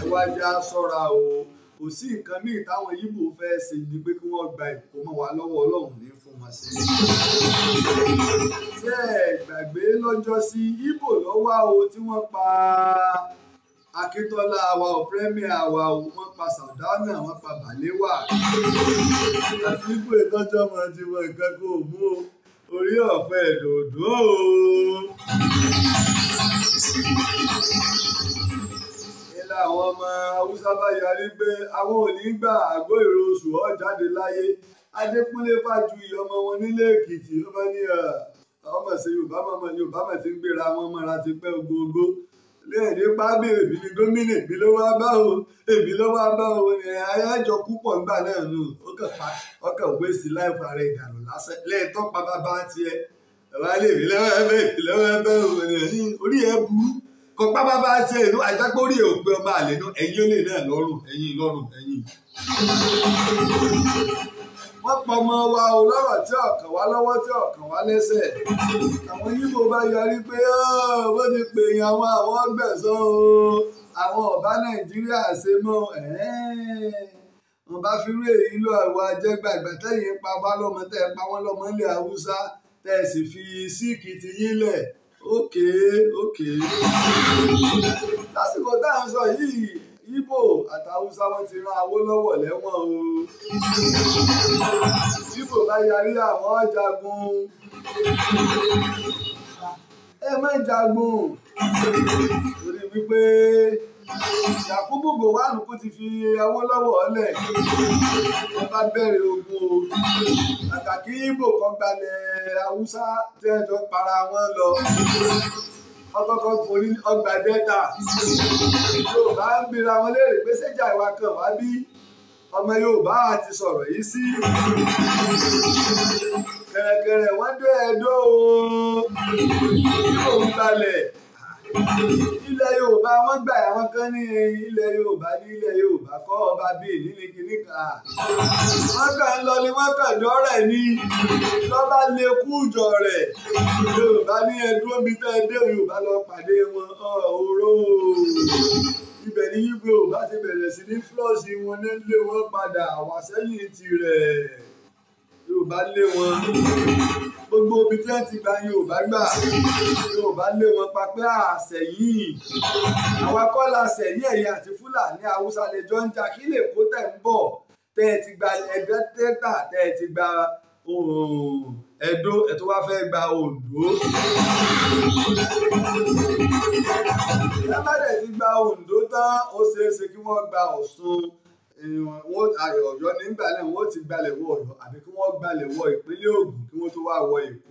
S2: ẹ wá já sọ́ra o kò sí nǹkan míì táwọn yíbò fẹ́ ṣe ni pé kí wọ́n gba ìkó mọ́ wa lọ́wọ́ ọlọ́run ní fún wọn sí. ṣé ẹ gbàgbé lọ́jọ́sí yíbò lọ́wọ́ o tí wọ́n pa akíntọ́lá wa ò pírẹ́míà wa ò wọ́n pa sàdánà wọ́n pa bàléwà àti ibùdó tọ́jú ọmọ tiwọn nǹkan kò mú o orí ọ̀fẹ́ dòdò. ilé àwọn ọmọ haúsá bá yarí pé àwọn ò ní gbà àgbo ìró oṣù ọ̀ jáde láyé adékúnlé fájuyì ọmọ wọn nílé èkìtì ló bá ní ọmọ sí yorùbá mọ̀mọ́ yorùbá mọ̀ ti ń gbéra wọn mọ́ra ti pẹ́ ogógó lẹ́ẹ̀ni pábí èmi ni gómìnà èmi ló wá bá o èmi ló wá bá o ni ayájọ púpọ̀ ńgbà náà nù ọkàn pa ọkàn gbé sí láìpẹ́ ara ìdànù lásẹ̀ lẹ́ẹ̀tọ́ pa bàbá tiẹ̀
S1: bàbá lè mí lọ́wọ́
S2: ẹgbẹ́ èmi lọ́wọ́ ẹgbẹ́ òní orí ẹ burú kọ́ pa bàbá tiẹ̀ inú àjápọ̀ orí ẹ ò pé ọmọ àlẹ́ nú ẹ̀yìn ó lè náà lọ́rùn ẹ̀yìn lọ́rùn ẹ̀yìn wọ́n pọ̀ ọmọ wa o lọ́rọ̀ tí ọ̀kàn wá lọ́wọ́ tí ọ̀kàn wá lẹ́sẹ̀ àwọn yíbo bá yarí pé bó ti pè yàn àwọn àwọn gbẹ̀sọ́ o àwọn ọba nàìjíríà ṣe mọ́ wọn bá fi rú èyí lọ àwọn ajẹgbà ìgbà tẹ̀yìn pa wá lọ́mọ tẹ pa wọn lọ́mọ ilẹ̀ haúsá tẹ sì fi síìkì ti yín lẹ̀ ókè ókè lásìkò tá ń sọ yìí ibo àtàwùsá wọn ti rán Awólọ́wọ̀ lẹ́wọ̀n o ibo bá yarí àwọn jagun ẹ má jagun torí wípé Yakubu Gowon kò ti fi Awólọ́wọ̀ ọlẹ̀ wọ́n bá bẹ̀rẹ̀ ogun o àtàkì ibo kan gbalẹ̀ haúsá tẹ́jọ́ para wọn lọ ọkọ̀ọ̀kan forí ọgbà dẹ́ta yorùbá ń bira wọn léèrè pé ṣéjà ìwà kan wá bí ọmọ yorùbá àti sọ̀rọ̀ yìí sí kẹ̀rẹ̀kẹ̀rẹ̀ wọ́n dé ẹ̀dọ́ o yóò ń balẹ̀ ilẹ̀ yorùbá wọ́n gbà àwọn kan ní ilẹ̀ yorùbá ní ilẹ̀ yorùbá kọ́ ọba bíi nílé kìíní kan wọ́n kàn ń lọ ni wọ́n kàn dọ́rẹ̀ ni lọ́ba lè kú ìjọ rẹ̀ yorùbá ní ẹdún omi tẹ́ ẹ dé yorùbá lọ pàdé wọn ọ̀ọ́rọ́ ibẹ̀ ní yíbo bá ti bẹ̀rẹ̀ sí ní flọ́ọ̀sì wọn nílé wọn padà wá sẹ́yìn tirẹ̀. Yorùbá lé wọn. Gbogbo omi tí wọ́n ti gba Yorùbá gbà. Yorùbá lé wọn papẹ́ àṣẹ̀yìn. Àwa kọ́ la ṣẹ̀yìn ẹ̀yà àti Fúlàní Haúsá lè jọ ń jà kí lè kó tẹ̀ ń bọ̀. Tẹ́ ẹ ti gba ẹgbẹ́ tẹ́tà tẹ́ ẹ ti gba Ẹdó ẹ tó wá fẹ́ gba Oǹdó. Ìyá bá dẹ̀ ti gba Oǹdó tán, ó ṣeé ṣe kí wọ́n gba Ọ̀ṣun. Ọ̀yọ́ nígbà náà wọ́n ti gbalẹ̀ wọ Ọ̀yọ́ àbí kí wọ́n gbalẹ̀ wọ ìpínlẹ̀ Ògùn kí wọ́n tó wá wọ Èkó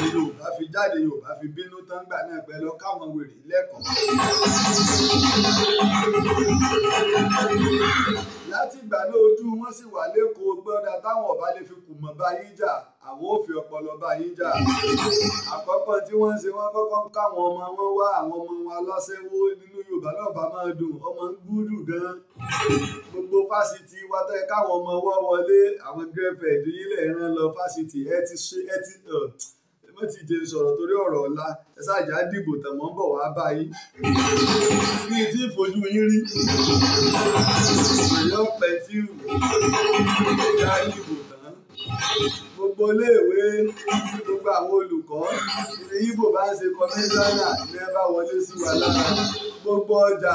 S2: Yorùbá fi jáde Yorùbá fi bínú tán gbà náà pẹ̀lú káwọn wèrè lẹ́kọ̀ọ́. láti ìgbà náà ojú wọn sì wà lẹ́kọ̀ọ́ gbọ́dọ̀ táwọn ọba lè fi kùmọ̀ báyìí jà àwọn òfin ọpọlọ bá yín jà àkọ́kọ́ tí wọ́n ń ṣe wọ́n kọ́kọ́ ń káwọn ọmọ wọn wá àwọn ọmọ wọn aláṣẹ́wó nínú yorùbá náà bá máa dùn ọmọ ń gúdù gan gbogbo fásitì wa tẹ́ káwọn ọmọ wọ́ wọlé àwọn gẹ́fẹ̀ẹ́dì ilẹ̀ ìran lọ fásitì ẹ ti ṣe ẹ ti mo ti jẹ sọ̀rọ̀ torí ọ̀rọ̀ ọ̀la ẹ ṣáàjà dìbò tẹ̀mọ́ ń bọ̀ wá báyìí ní etí ìfojú yín rí èyí ọ̀pẹ tí ìyá dìbò tán gbogbo iléèwé gbogbo àwọn olùkọ́ ní ibo bá ṣe kọmíṣánná ní ẹ bá wọlé sí wa lára gbogbo ọjà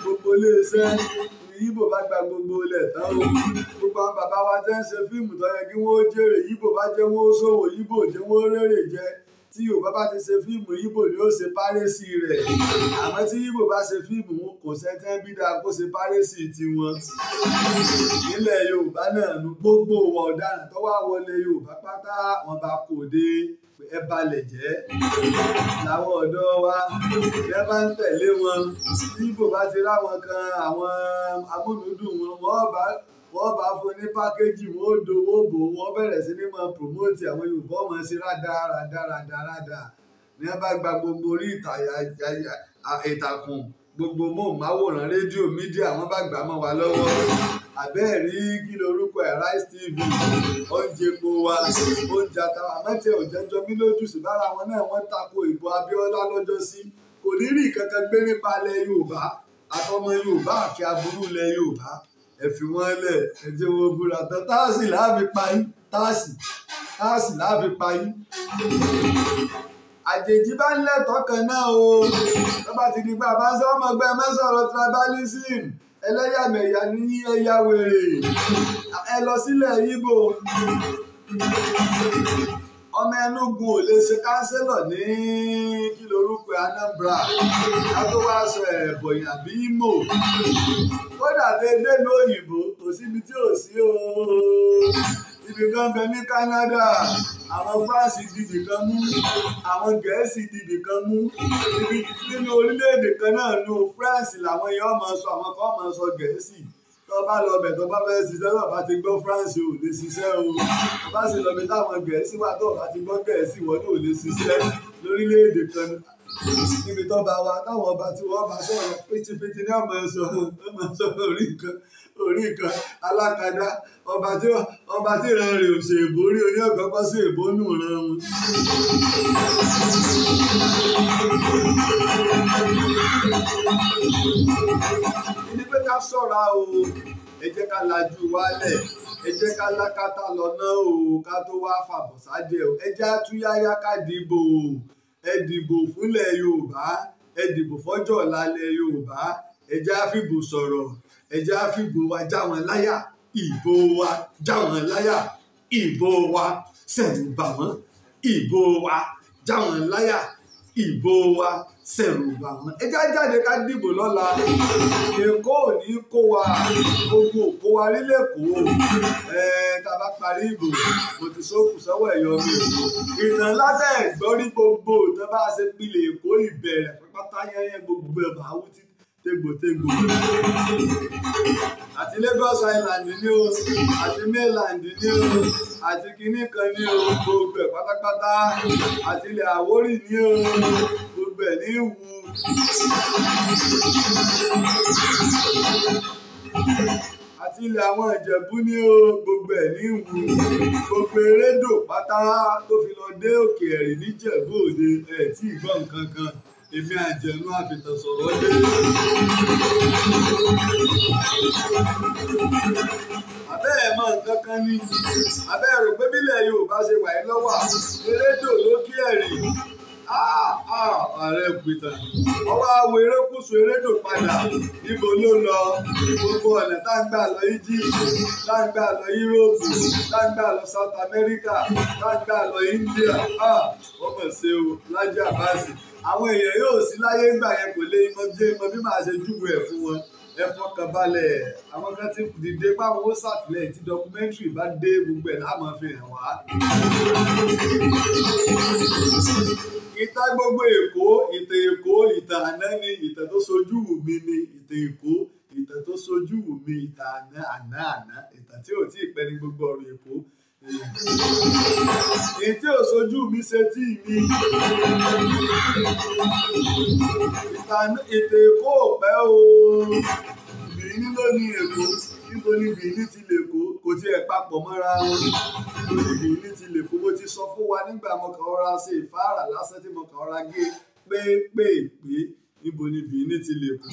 S2: gbogbo iléeṣẹ́ ní ibo bá gba gbogbo ilẹ̀ tán o gbogbo àwọn bàbá wa tẹ́ ń ṣe fíìmù tó yẹ kí wọ́n jèrè ibo bá jẹ́ wọ́n ṣòwò ibo jẹ́ wọ́n rèrè jẹ́ tí yorùbá bá ti ṣe fíìmù ibo ni ó ṣe párẹ́sì rẹ̀ àmọ́ tí ibo bá ṣe fíìmù wọn kò sẹ́tẹ́ bí dáa kó ṣe párẹ́sì tiwọn. nílẹ̀ yorùbá náà nu gbogbo wọn ọ̀daràn tó wá wọlé yorùbá pátá wọn bá kò dé ẹ balẹ̀ jẹ́ làwọn ọ̀dọ́ wa ẹ bá ń tẹ̀lé wọn tí ibo bá ti ráwọn kan àwọn amúnúdùn wọn wọ́n bá wọ́n bá fún ní pákéjì wọ́n ó dowó bò wọ́n bẹ̀rẹ̀ sí ní mọ promote àwọn yorùbá ọmọ sí rádaràdaràdaràdà ní wọ́n bá gba gbogbo orí ìtàkùn gbogbo móhùnmáwòrán rédíò mídíà wọ́n bá gbà mọ́ wa lọ́wọ́ àbẹ́ẹ̀ rí kí lorúkọ ẹ̀ rice tv oúnjẹ epo wa oúnjẹ àtàwọn àmọ́tẹ̀ òjẹ́jọ́ mí lójú sí lára wọn náà wọ́n tako ìbò abíọ́lá lọ́jọ́ sí kò ní rí kankan gbé nípa ilẹ̀ yorùbá àtọmọ yorùbá àfi aburú ilẹ̀ yorùbá ẹ fi wọ́n lẹ̀ ẹ jẹ́ wọ́n búra tán táàsì láàbí payín táàsì táàsì láàbí payín. àjèjì bá ń lẹ́tọ̀ọ́ kan náà o tó bá ti di pé àbá ń sọ ọmọ ẹgbẹ́ mẹ́sọ̀rọ̀ tribalism ẹlẹ́yàmẹ̀yà ní ẹ̀yà wèrè ẹ lọ sílẹ̀ yíbo ọmọ Enugu ò lè ṣe kánsílọ̀ ní kí lorúkọ Anambra kátó wá sọ ẹ̀bọ̀yìn àbí Imo kódà tẹ délùú òyìnbó kò síbi tí ò sí o ibi kan bẹ ní Canada àwọn France dìbì kan mú àwọn Gẹ̀ẹ́sì dìbì kan mú ibi nínú orílẹ̀-èdè kan náà lu France làwọn èèyàn máa sọ àwọn kan máa sọ Gẹ̀ẹ́sì tó bá lọ bẹ̀ tó bá fẹ́ ṣiṣẹ́ náà bá ti gbọ́ france ò lè ṣiṣẹ́ o bá sì lọ bí táwọn gẹ̀ẹ́sì wà tó bá ti gbọ́ gẹ̀ẹ́sì wọn ò lè ṣiṣẹ́ lórílẹ̀‐èdè kan níbi tó bá wa táwọn ọba tí wọ́n bá sọ̀rọ̀ pítípítí ní ọmọ ẹ̀sọ́ ọmọ ẹ̀sọ́ orí nǹkan orí nǹkan alákadá ọba tí ọba tí ìran rẹ̀ ò ṣèbó rí orí ọ̀gbọ́gbọ́ sí èbó nù ran wọn ká ṣọ́ra o ẹ jẹ́ ká lajú wálẹ̀ ẹ jẹ́ ká lákàtà lọ́nà o ká tó wá fàbọ̀ sájẹ́ o ẹ jẹ́ àtúnyáyá ká dìbò ẹ dìbò fúnlẹ̀ Yorùbá ẹ dìbò fọ́jọ́ ọ̀la Yorùbá ẹ jẹ́ àfìbò sọ̀rọ̀ ẹ jẹ́ àfìbò wa já láyà ìbò wa já láyà ìbò wa sẹ̀rù bà wọ́n ìbò wa já láyà ìbò wa ṣẹ̀rù bà wọ́n. ẹ já jáde ká dìbò lọ́la èkó ò ní kó wa gbogbo òkó wa rí lẹ́kọ̀ọ́ tàbá parí ìbò mo ti sókù sọ́wọ́ ẹ̀yọ́ mi ò ìtàn látẹ̀ gbọ́rí gbogbo ìtàn bá a ṣe pilẹ̀ èkó ìbẹ̀rẹ̀ pátá yẹ́yẹ́ gbogbo ẹ̀ bá tégbòtégbò àti Lagos Island ni o àti mainland ni o àti kinní kan ni o gbogbo ẹ̀ pátápátá àti ilẹ̀ Àwórì ni o gbogbo ẹ̀ ní ìwú. Àti ilẹ̀ àwọn Ìjẹ̀bú ní o gbogbo ẹ̀ ní ìwú gbogbo erédò pátá tó fi lọ dé òkè ẹ̀rì níjẹ̀bú òde ẹ̀ tí ìgbọ́n kankan èmi àjẹnú àfitàn sọ̀rọ̀ lè. abẹ́ ẹ̀ mọ nǹkan kan ní abẹ́ rò pé bílẹ̀ Yorùbá ṣe wà ní lọ́wọ́ elédò ló kí ẹ̀rí ah, ah, ààrẹ gbìtàn ọwọ́ awo erékùsù erédò padà ibo ló lọ gbogbo ọ̀nà tá ń gbà lọ Egypt tá ń gbà lọ Europe tá ń gbà lọ South America tá ń gbà lọ India ọmọ ah, ṣe o Lájì Àbáàsì àwọn èèyàn yóò sí láyé ńgbà yẹn kò lè mọ bí mọ bí màá ṣe júwe ẹ̀ fún wọn ẹ fọkàn balẹ̀ àwọn kan ti dìde báwọn ó ṣàtìlẹ́yìn tí dọkumẹ́ntìrì bá dé gbogbo ẹ̀ láàmú fi hàn wá. ìta gbogbo èkó ìtàn èkó ìtàn àná ni ìtàn tó sojú mi ni ìtàn èkó ìtàn tó sojú mi ìtàn àná àná àná ìtàn tí ò tí ì pẹ́ ní gbogbo ọ̀rọ̀ èkó èyí tí ò sojú mi ṣe tí mi ètò èkó ò pẹ́ o bìíní ló ní èkó níbo ni bìíní ti lè kó kò tiẹ̀ papọ̀ mọ́ra wọn níbo ni bìíní ti lè kó mo ti sọ fún wa nígbà mo ṣe ìfáàrà lásán tí mo kàn rọra gé pépèpé níbo ni Bìíní ti lè kú.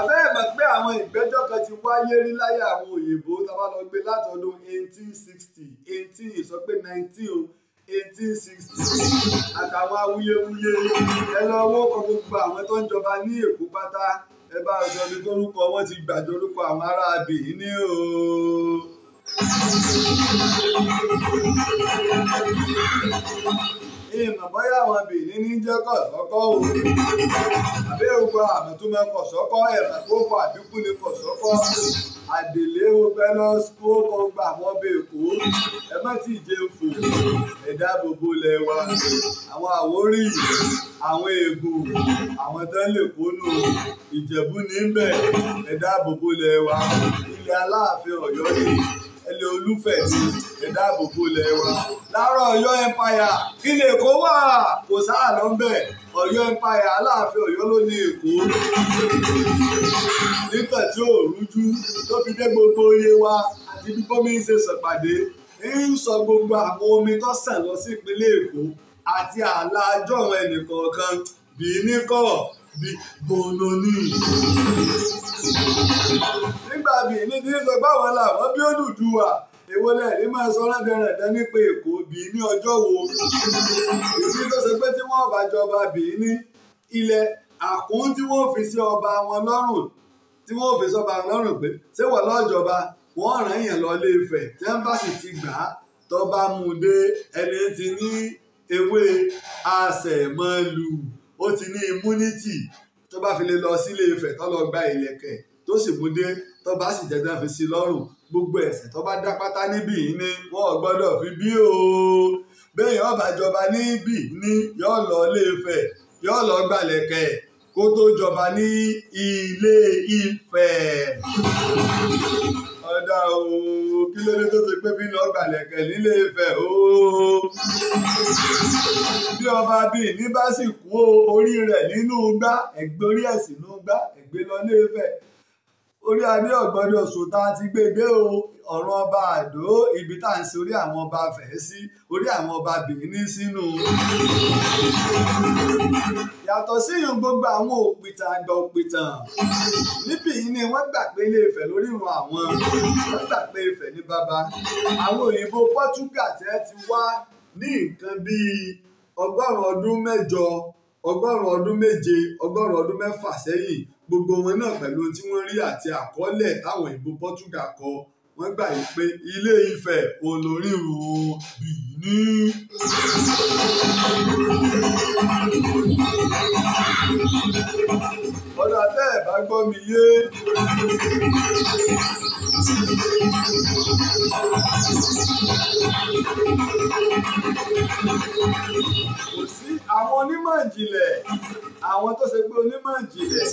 S2: abẹ́rẹ́ mọ̀ pé àwọn ìgbẹ́jọ́ kan ti wáyé rí láyé àwọn òyìnbó tá a bá lọ gbé látọdún eighteen sixty eighteen sọ pé nineteen o eighteen sixty àtàwọn awuyewuye ẹ lọ wọ́n kọ gbogbo àwọn tó ń jọba ní Èkó pátá ẹ bá sọ ní kórúkọ wọn ti gbàjọ orúkọ àwọn ará Bìíní o. Thank you ìmọ̀ bóyá àwọn Benin ní jẹ́ kọ̀sọ́kọ́ o àbí ògbà àmọ̀túnmọ̀ kọ̀sọ́kọ́ ẹ̀rọ tó kọ àdínkù ní kọ̀sọ́kọ́ àdèlé opelos kó kọ gbà wọ́n bẹ èkó ẹ má ti jẹ fò ẹ̀dá gbogbo lẹ̀ wa àwọn àwórí àwọn ègbò àwọn tán lè kónú ìjẹ̀bú ní bẹ̀ ẹ̀dá gbogbo lẹ̀ wa ilẹ̀ aláàfin ọ̀yọ́ yìí ẹlẹ́ olúfẹ̀ ìdáàbòbò ilẹ̀ wa láàárọ̀ ọ̀yọ́ empire ilé èkó wà kò sáà lọ ń bẹ̀ empire aláàfin ọ̀yọ́ ló ní èkó nígbà tí ò rújú tó fi dé gbogbo oyè wa àti bí bọ́mí ń ṣe sọ̀pàdé ń sọ gbogbo àwọn omi tó sàn lọ sí ìpínlẹ̀ èkó àti ààlà ẹnì kọ̀ọ̀kan bìíní kọ̀ bí bọ́lọ́ní. nígbà míì ní ti sọ báwọn làwọn bí Odùduwà èwo lẹ̀ ní máa sọ rádẹ́rẹ̀dẹ́ nípa Èkó bì ní ọjọ́ wo ìdí tó ṣe pé tí wọ́n bá jọba bì ní ilẹ̀ àkún tí wọ́n fi sí ọba wọn lọ́rùn tí wọ́n fi sọba lọ́rùn pé ṣé wọ́n lọ́jọba wọ́n ràn yàn lọ lé Ifẹ̀ tí wọ́n bá sì ti gbà á tó bá dé ẹni tí ní ewé àṣẹ̀mọ́lù ó ti ní immunity tó bá fi lè lọ sílé Ifẹ̀ tó lọ gba ìlẹ̀kẹ̀ tó sì mú dé tó bá sì jẹjẹ fi sí lọ́rùn gbogbo ẹ̀ṣẹ̀ tó bá dá pátá níbì ní wọ́n gbọ́dọ̀ fi bí o bẹ́ẹ̀ yọ́ọ́ bá jọba níbì ní yọ́ọ́ lọ ilé Ifẹ̀ yọ́ọ́ lọ gbàlẹ̀kẹ̀ kó tó jọba ní ilé Ifẹ̀ ọ̀dà o kí ló dé tó ṣe pé bí lọ́gbà lẹ̀kẹ̀ nílé Ifẹ̀ o. bí ọba bíi ní bá sì kú orí rẹ̀ nínú gbá ẹ̀gbẹ́ orí ẹ̀ sínú gbá ẹ̀gbẹ́ lọ ní Ifẹ̀ orí adé ọ̀gbọ́dẹ Ọ̀ṣun tá a ti gbé dé o ọ̀rọ̀ ọba àdó ibi tá à ń sọ orí àwọn ọba fẹ̀ sí orí àwọn ọba bìíní sínú. yàtọ̀ síyàn gbogbo àwọn òpìtàn àgbà òpìtàn níbí yìí ni wọ́n gbà pé ilé Ifẹ̀ lórí ìran àwọn wọ́n gbà pé Ifẹ̀ ní baba àwọn òyìnbó Pọ́túgà tẹ́ ti wá ní nǹkan bíi ọgọ́rùn-ún ọdún mẹ́jọ ọgọ́rùn-ún ọdún méje ọgọ́rùn-ún ọdún mẹ́fà sẹ́yìn gbogbo wọn náà pẹ̀lú tí wọ́n rí àti àkọọ́lẹ̀ táwọn ìbò Portugal kọ wọ́n gbà yí pé Ilé Ifẹ̀ olórírù Bìíní. ọ̀dà tẹ́ ẹ̀ bá gbọ́ mi yé. kò sí àwọn onímọ̀ ìjìnlẹ̀ àwọn tó ṣe pé onímọ̀ ìjìnlẹ̀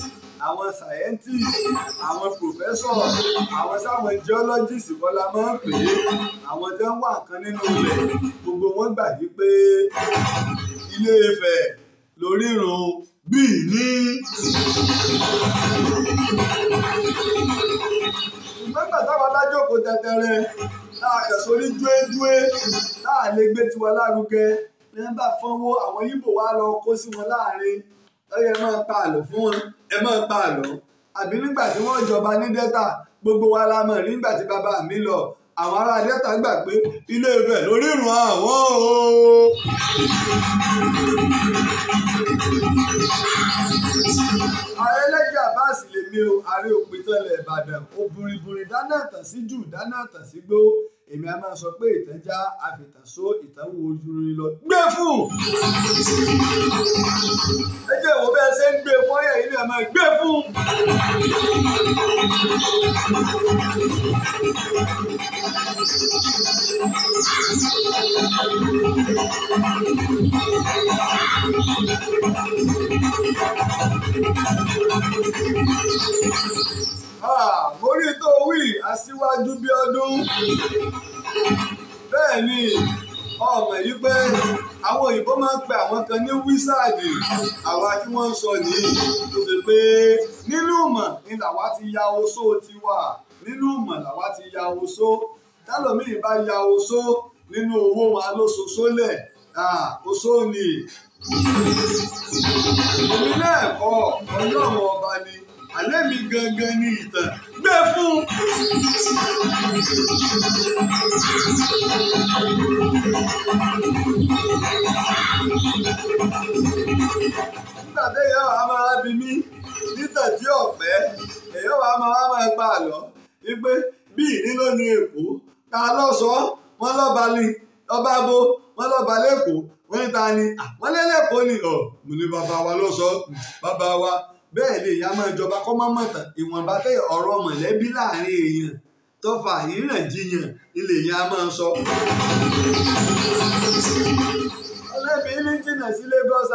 S2: àwọn scientists àwọn professor àwọn sáwọn geologist bọ́lá máa ń pè é àwọn tí wọ́n wà kan nínú rẹ̀ gbogbo wọn gbà yí pé Ilé Ifẹ̀ lórírun bíi ní. Mẹ́gbà táwa lájókòó tẹtẹrẹ tá a kẹ̀ sórí dúédúé tá a lè gbé tiwa lárugẹ ní bá fọ́nwó àwọn Yíbò wa lọ kó sí wọn láàrin ó yẹ máa pa àlọ́ fún wọn ẹ máa pa àlọ́ àbí nígbà tí wọ́n jọba ní delta gbogbo wa la mọ̀ nígbà tí bàbá mi lọ àwọn ará delta gbà pé ilé Ifẹ̀ lórí ìrùn àwọn o. ààrẹ lẹ́jà báàsì lèmi o ààrẹ òpìtàn ilẹ̀ Ìbàdàn ó buriburi dáná tàn sí jù dáná tàn sí gbó èmi a máa sọ pé ìtàn já àfìtàn só ìtàn wo ojú rí lọ gbé fún. ẹ jẹ́ bẹ́ẹ̀ ṣe ń gbé fún ọyẹ yìí ni ẹ máa gbé fún. Ah, bonito aṣíwájú bí ọdún bẹ́ẹ̀ ni ọmọ yìí pé àwọn òyìnbó máa ń pe àwọn kan ní wísáàdì àwa tí wọ́n ń sọ nìyí tó fi pé nínú ìmọ̀ ni làwa ti ya oṣó tiwa nínú ìmọ̀ làwa ti ya oṣó tálọ́mìn bá ya oṣó nínú owó wa ló ṣoṣó lẹ̀ oṣó ni èmi náà kọ́ ọlọ́run ọba ni àlẹ́ mi gangan ni ìtàn gbé fún. nígbà téèyàn wàá máa bí mi nítàn tí ọ̀pẹ́ èèyàn wàá máa máa gbà lọ wípé bí ìnílò ní èkó ta lọ wọn lọba ni ọba bo wọn lọba lẹkọọ wọn ta ni wọn lẹlẹkọọ ni ọ mo ní bàbá wa lọ bàbá wa bẹ́ẹ̀ lè yá máa jọba kọ́ máa mọ̀ tán ìwọ̀nba tẹ́ ọ̀rọ̀ mọ̀lẹ́bí láàrin èèyàn tó fa àríyànjiyàn ilé yẹn a máa sọ. ọlẹ́bí ní jìnnà sí Lagos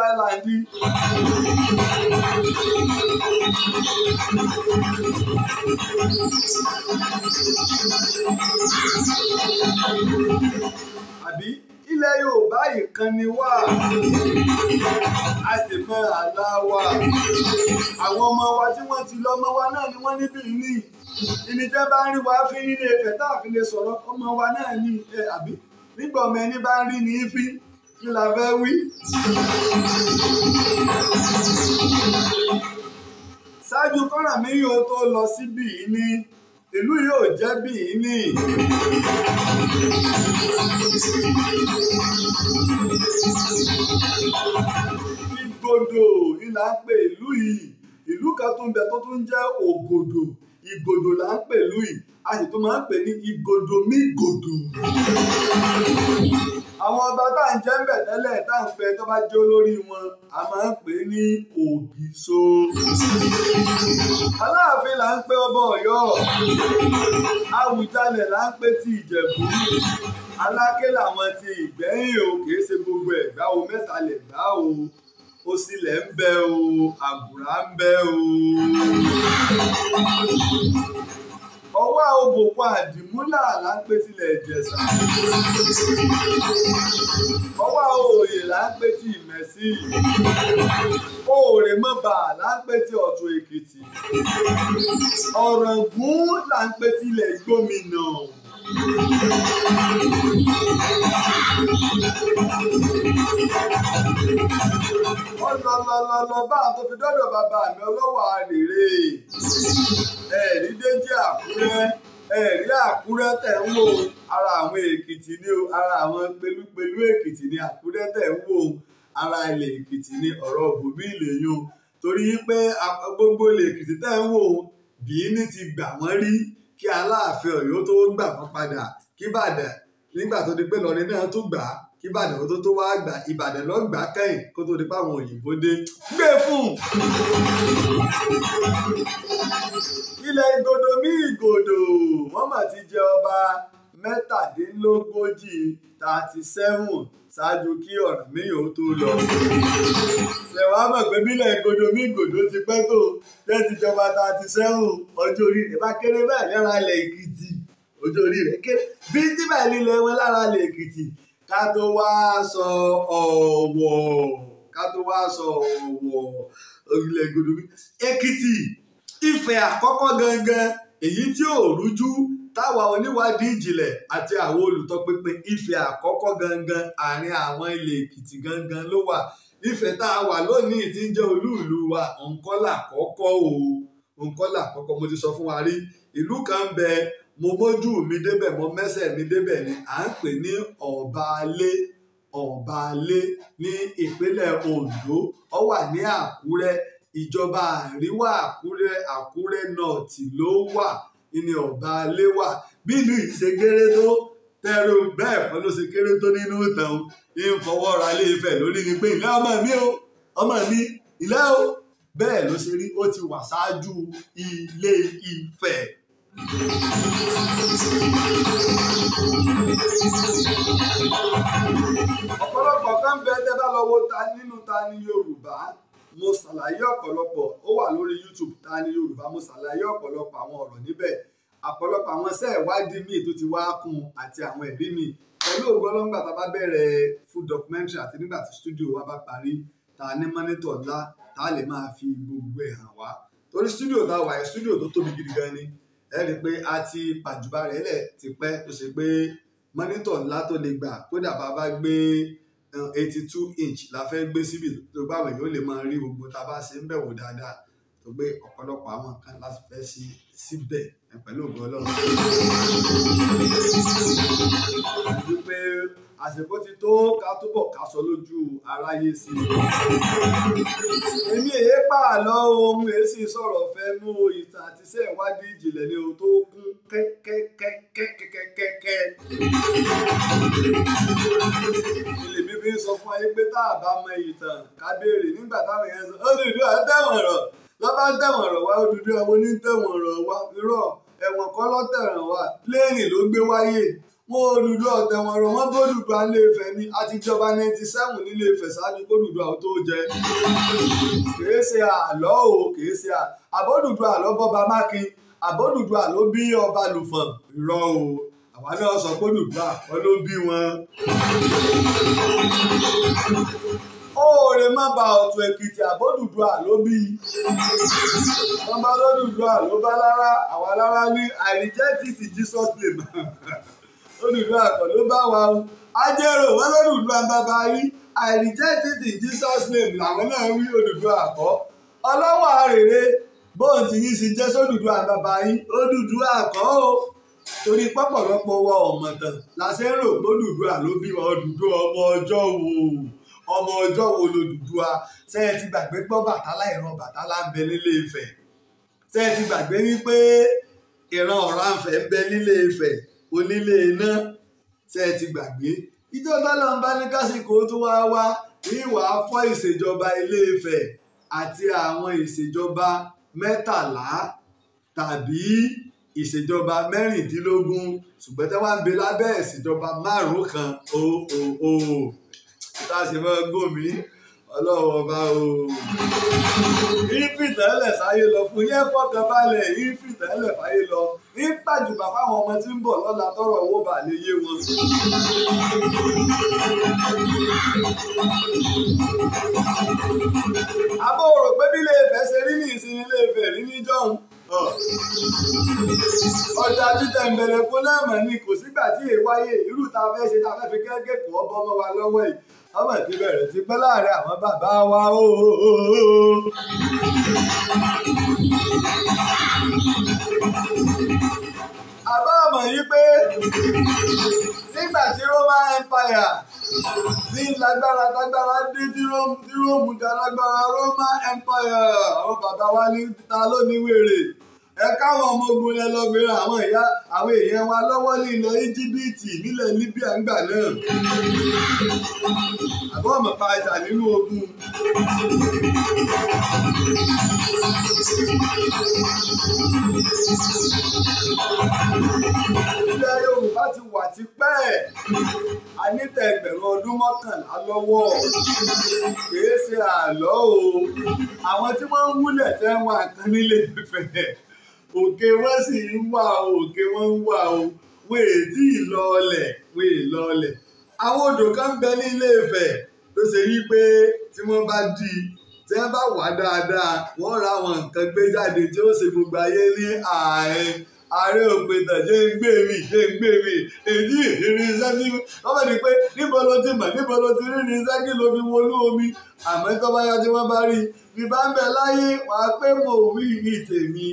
S2: Island. àbí ilẹ̀ yorùbá ìkan ni wá a sì mọ àlá wa àwọn ọmọ wa tí wọ́n ti lọ́mọ wa náà ni wọ́n níbí ní ìníjẹ́ bá ń rí wa fi nílé Ifẹ̀ tá a fi lè sọ̀rọ̀ ọmọ wa náà ní ẹ àbí nígbà ọmọ ẹni bá ń rí ní fi kí la fẹ́ wí. ṣáájú kọ́ra mi yóò tó lọ síbí ní ìlú yóò jẹ́ Bìíní. Ìgòdò ni là ń pè ìlú yìí ìlú kan tó ń bẹ tó tún jẹ́ Ògòdò ìgòdò là ń pèlú yìí a sì tún máa ń pè ní ìgòdò mí gòdò. àwọn ọba tá à ń jẹ́ ń bẹ̀ tẹ́lẹ̀ tá à ń fẹ́ tó bá jẹ́ olórí wọn a máa ń pè ní ògìso. aláàfin là ń pè ọba ọ̀yọ́ àwùjalẹ̀ là ń pè ti ìjẹ̀bú aláké làwọn ti ìgbẹ́yìn o ṣe gbogbo ẹ̀gbá o mẹ́ta lẹ̀gbá o osílẹ̀ ń bẹ o àgùrà ń bẹ o. ọwọ́ òbòkọ àdìmúlà là ń pè tilẹ̀ ìjẹ̀ṣà. ọwọ́ òòyè là ń pè ti ìmẹ̀sí. òòrè mọ́ba là ń pè ti ọ̀tún èkìtì. ọ̀ràngún là ń pè tilẹ̀ gbómìnà thank you ó lọ lọ lọ lọ bá àwọn tó fi dọ́dọ̀ bàbá mi ọlọ́wọ́ àrèrè ẹ̀rí déjì àkúrẹ́ ẹ̀rí àkúrẹ́ tẹ̀ ń wò ara àwọn èkìtì ni o ara àwọn pẹ̀lúpẹ̀lú èkìtì ni àkúrẹ́ tẹ̀ ń wò ara ilẹ̀ èkìtì ni ọ̀rọ̀ bùbí ilẹ̀ yìí o torí pé gbogbo ilẹ̀ èkìtì tẹ̀ ń wò bìíní ti gbà wọ́n rí kí aláàfin ọ̀yọ́ tó gbà wọ́n padà kí bàdàn nígbà tó di pé lọ́rin náà tó gbà á kí ìbàdàn tó tó wáá gbà ìbàdàn lọ gbà kẹ́yìn kó tó di páwọn òyìnbó dé gbé e fún un. ilẹ̀ ìgòdò mí ìgòdò wọ́n mà ti jẹ ọba mẹ́tàdínlógójì thirty seven ṣáájú kí ọ̀rọ̀ míyàn ó tó lọ. ṣe wàá mọ̀ pé bílẹ̀ ìgòdò mí ìgòdò ti pẹ́ tó jẹ́ ti jọba thirty seven ọjọ́ orí rẹ̀ bá kéré báyìí lára ilẹ̀ èkìtì ọjọ́ orí rẹ̀ kéré bí tí báyìí lílẹ̀ wọn lára ilẹ̀ èkìtì ká tó wá sọ ọ̀wọ̀ ká tó wá sọ ọ̀wọ̀ orílẹ̀ gbòdò mi èkìtì ìfẹ́ àkọ́kọ́ gangan èyí tí ò rújú táwa oníwádìí ìjìnlẹ̀ àti àwọn olùtọpinpin ìfẹ́ àkọ́kọ́ gangan àárín àwọn ilẹ̀ èkìtì gangan ló wà ìfẹ́ tá a wà lónìí tí ń jẹ́ olúùlú wa òǹkọ́là kọ́kọ́ o òǹkọ́là kọ́kọ́ mo ti sọ fún wa rí ìlú kan bẹ́ẹ̀ mo mójú mi débẹ̀ mo mẹ́sẹ̀ mi débẹ̀ ni à ń pè ní ọ̀bàlé ọ̀bàlé ní ìpínlẹ̀ Ondo ó wà ní Àkúrẹ́ ìjọba àríwá Àkúrẹ́ Àkúrẹ́ nọ́ọ̀tì ló wà ní ọ̀bàlé wà bí ìlú ìṣègéré tó tẹrù bẹ́ẹ̀ pẹ̀lú ṣe kéré tó nínú ìtàn ń fọwọ́ ilé Ifẹ̀ lórí ni pé ìlẹ́ ọmọ mi o ọmọ mi ìlẹ́ o bẹ́ẹ̀ ló ṣe rí ó ti wà ṣáájú ilé Ifẹ̀ ọ̀pọ̀lọpọ̀ kan bẹ tẹ́ bá lọ wo ta nínú ta ni Yorùbá mo ṣàlàyé ọ̀pọ̀lọpọ̀ ó wà lórí YouTube ta ni Yorùbá mo ṣàlàyé ọ̀pọ̀lọpọ̀ àwọn ọ̀rọ̀ níbẹ̀ àpọ̀lọpọ̀ àwọn iṣẹ́ ìwádìí míì tó ti wá kún àti àwọn ẹ̀rí míì pẹ̀lú ògbọ́n lọ́ngbà tá a bá bẹ̀rẹ̀ full documentary àti nígbà tí studio wa bá parí ta ní mọ́nítọ̀ ńlá tá lè máa fi gbogbo ẹ̀ hàn wá torí studio tá a wà yẹn studio tó tóbi gidi gan ni ẹ rí i pé a ti pàjùbà rẹ̀ lẹ̀ tipẹ́ tó ṣe pé mọ́nítọ̀ ńlá tó lè gbà kódà bá bá gbé eighty two inch la fẹ́ gbé síbi tó bá wẹ̀ yóò lè máa rí gbogbo tá a bá ṣe ń bẹ̀ wò dáadáa tó gbé ọ̀pọ̀lọpọ̀ àwọn nǹkan láti fẹ́ sí síbẹ̀ pẹ̀lú ògbọ́n ọlọ́run àsìkò ti tó ká túbọ̀ ká sọ lójú aráyé sí i. èmi èyí pààlọ́ ohun èsì sọ̀rọ̀ fẹ́nu ìtàn àti iṣẹ́ ìwádìí ìjìnlẹ̀ ni ohun tó kún kẹ́kẹ́kẹ́kẹ́kẹ́kẹ́. ilé mi ń sọ fún ayé pé tá a bá mọ ìtàn ká béèrè nígbà táwọn èèyàn sọ ó dùdú ẹ tẹ̀wọ̀n rọ̀ lọ́ba ń tẹ̀wọ̀n rọ̀ wá ó dúdú ẹ rọ̀ wá irọ́ ẹ̀wọ̀n kọ́ lọ́tẹ̀ràn wá pléènì ló gbé wáyé wọn olùdó ọ̀tẹ̀ wọn rọ̀ wọ́n gbódùdó alẹ́ Ifẹ̀ ni a ti jọba ninety seven nílé Ifẹ̀ ṣáájú gbódùdó àwọn tó jẹ kìí ṣe àlọ́ o kìí ṣe àbódùdó àlọ́ bọ́ba mákin àbódùdó àlọ́ bí ọba lùfọ̀n rọ o àwa náà sọ gbódùdó àwọn ló bí wọn. Oore má ba Ọ̀tún Èkìtì àbódùdó àló bí wọ́n bá lódùdó àló bá lára àwa lára ní I reject this in Jesus name. Odùduwà kọ́ ló bá wa o ajẹ́rò wọn lọ́dùnúwà bàbá rí I reject it in Jesus name làwọn náà wí Odùduwà kọ́ ọlọ́wọ́ àrèrè bóun ti yín sí jẹ́ sódùduwà bàbá yín Odùduwà kọ́ o torí pọ́pọ̀lọpọ̀ wa ọ̀mọ̀tàn làṣẹ ń rò gbódùduwà ló bí wa Odùduwà ọmọ ọjọ́ wo ọmọ ọjọ́ wo lòdùduwà ṣé ẹ ti gbàgbé gbọ́ Bàtálá ìran Bàtálá ń bẹ nílé Ifẹ̀ ṣé ẹ ti gbàgbé wípé ìran Ọ̀rànfẹ̀ ń bẹ nílé Ifẹ̀ onílé iná ṣe ti gbàgbé ìjọ tọ́lọ̀ ń bá ní kásìkò tó wá wá ní ìwà fọ́ ìṣèjọba Ilé-Ifẹ̀ àti àwọn ìṣèjọba mẹ́tàlá tàbí ìṣèjọba mẹ́rìndínlógún ṣùgbọ́n tí wọ́n ń bẹ lábẹ́ ìṣèjọba márùn-ún kan o o o tá a ṣe fẹ́ gómìn ọlọ́run ọba o ìfìtẹ́lẹ̀ sáyé lọ fún yẹn fọkànbalẹ̀ ìfìtẹ́lẹ̀ fáyé lọ ní gbàjùbà fáwọn ọmọ tí ń bọ̀ lọ́la tọrọ owó bà lè yé wọn. àbọ̀ òrò pé bí Ilé-Ifẹ̀ ṣe rí ní ìsinmi Ilé-Ifẹ̀ rí ní jọ́hún ọjà títẹ̀ ìbẹ̀rẹ̀ kó lẹ́mọ̀ ni kò sígbà tí èèwáyé irú ta fẹ́ ṣe ta fẹ́ fi kẹ́kẹ́ kọ́ bọ́ ọmọ wa lọ́wọ́ yìí ọmọ ti bẹ̀rẹ̀ sí pẹ́ láàrin àwọn bàbá wa o. àbá mọ̀ yí pé
S1: nígbà tí Roman
S2: Empire ní lágbára lágbára dé tí Rome dá lágbára Roman Empire àwọn bàbá wa ní ta ló ní wèrè ẹ káwọn ọmọ ogun yẹn lọ fi ran àwọn ìyá àwọn èèyàn wa lọ́wọ́ ní ilẹ̀ íjíbítì nílẹ̀ libya ńgbà náà àbọ̀ ọmọ pa ìjà nínú ogun. ilẹ̀ yorùbá ti wà tipẹ́ a ní tẹgbẹ̀rún ọdún mọ́kànlá lọ́wọ́ kìí ṣe àlọ́ o àwọn tí wọ́n ń wúlẹ̀ tẹ́ àkànnílẹ̀ fẹ̀ẹ́ òkè wọn sì ń wà o òkè wọn ń wà o wèé tí ì lọ wèé lọ àwọn odò kan ń bẹ ní ilé tó ṣe rí pé tí wọ́n bá di tí wọ́n bá wà dáadáa wọ́n ra àwọn nǹkan gbé jáde tí ó ṣe gbogbo ayé ní ààrẹ ààrẹ òpètà ṣe ń gbé mi ṣe ń gbé mi èyí irinṣẹ́ tí wọ́n bẹ̀ ni pé níbo ló ti mọ̀ níbo ló ti rí irinṣẹ́ kí ló fi wọnú omi àmọ́ tó bá yá tí wọ́n bá rí i bí bá ń bẹ láyé wàá pé mò ń rí ìtèmi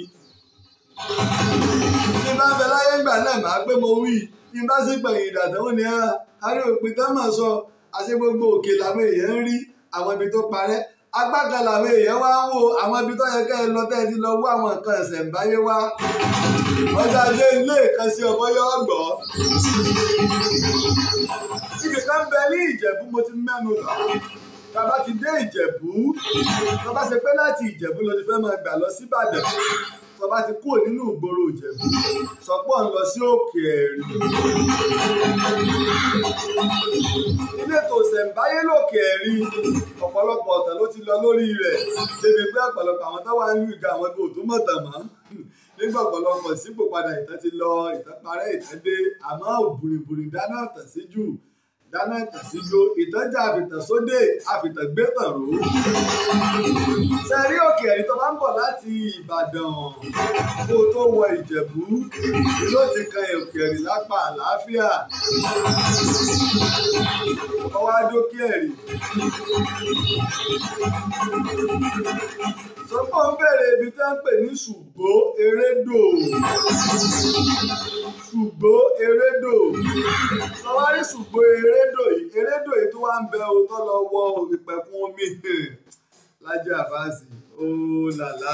S2: tí bá ń bẹ láyé ńgbà náà máa pé mo wí tí bá sì gbẹ̀yìn ìdàdánwò ni ara ah, àrí òpin tá máa sọ àti gbogbo òkè làwọn èèyàn ń rí àwọn ibi tó parẹ́ agbága làwọn èèyàn wá ń wo àwọn ibi tó yẹ kẹ́ ẹ lọ tẹ́ ẹ ti lọ wó àwọn nǹkan ẹ̀sẹ̀ ń báyé wá ọjà ilé ilé kan sí ọmọ yọ ọgbọ ibì kan bẹ ní Ìjẹ̀bú mo ti mẹ́nu lọ tàbá ti dé Ìjẹ̀bú tàbá ṣe pé láti Ìjẹ̀bú ló ti fẹ́ máa gbà lọ sí Ìbàdàn tó bá ti kúrò nínú ìgboro Ìjẹ̀bú sọ pé ò ń lọ sí òkè ẹ̀rí. ilé tó ṣẹ̀ǹbáyé lòkè ẹ̀rí ọ̀pọ̀lọpọ̀ ọ̀tàn ló ti lọ lórí rẹ̀ débi pé ọ̀pọ̀lọpọ̀ àwọn tó wà ń lù ìga àwọn ẹgbẹ́ òtún mọ̀tàmá nígbà ọ̀pọ̀lọpọ̀ sípò padà ìtàn ti lọ ìtàn parẹ́ ìtàn dé àmọ́ òbùrìbùrì dáná ọ̀tàn sí ìdáná ìtàsíjó ìtọ́jà àfìtàsódé àfìtàgbẹ́tàró. sẹ́rí òkè ẹ̀rí tó bá ń bọ̀ láti ìbàdàn kó tó wọ ìjẹ̀bú ló ti kan òkè ẹ̀rí lápá àlàáfíà. ọwọ́ adókè ẹ̀rí. sọ́kọ́ ń bèrè ibi tá ń pè ní ṣùgbó erédò ṣùgbó erédò sọ́wárí ṣùgbó erédò erédò yìí erédò yìí tó wá ń bẹ o tó lọ wọ ìpẹ̀kun omi lájọ àbáàsì ó làlá.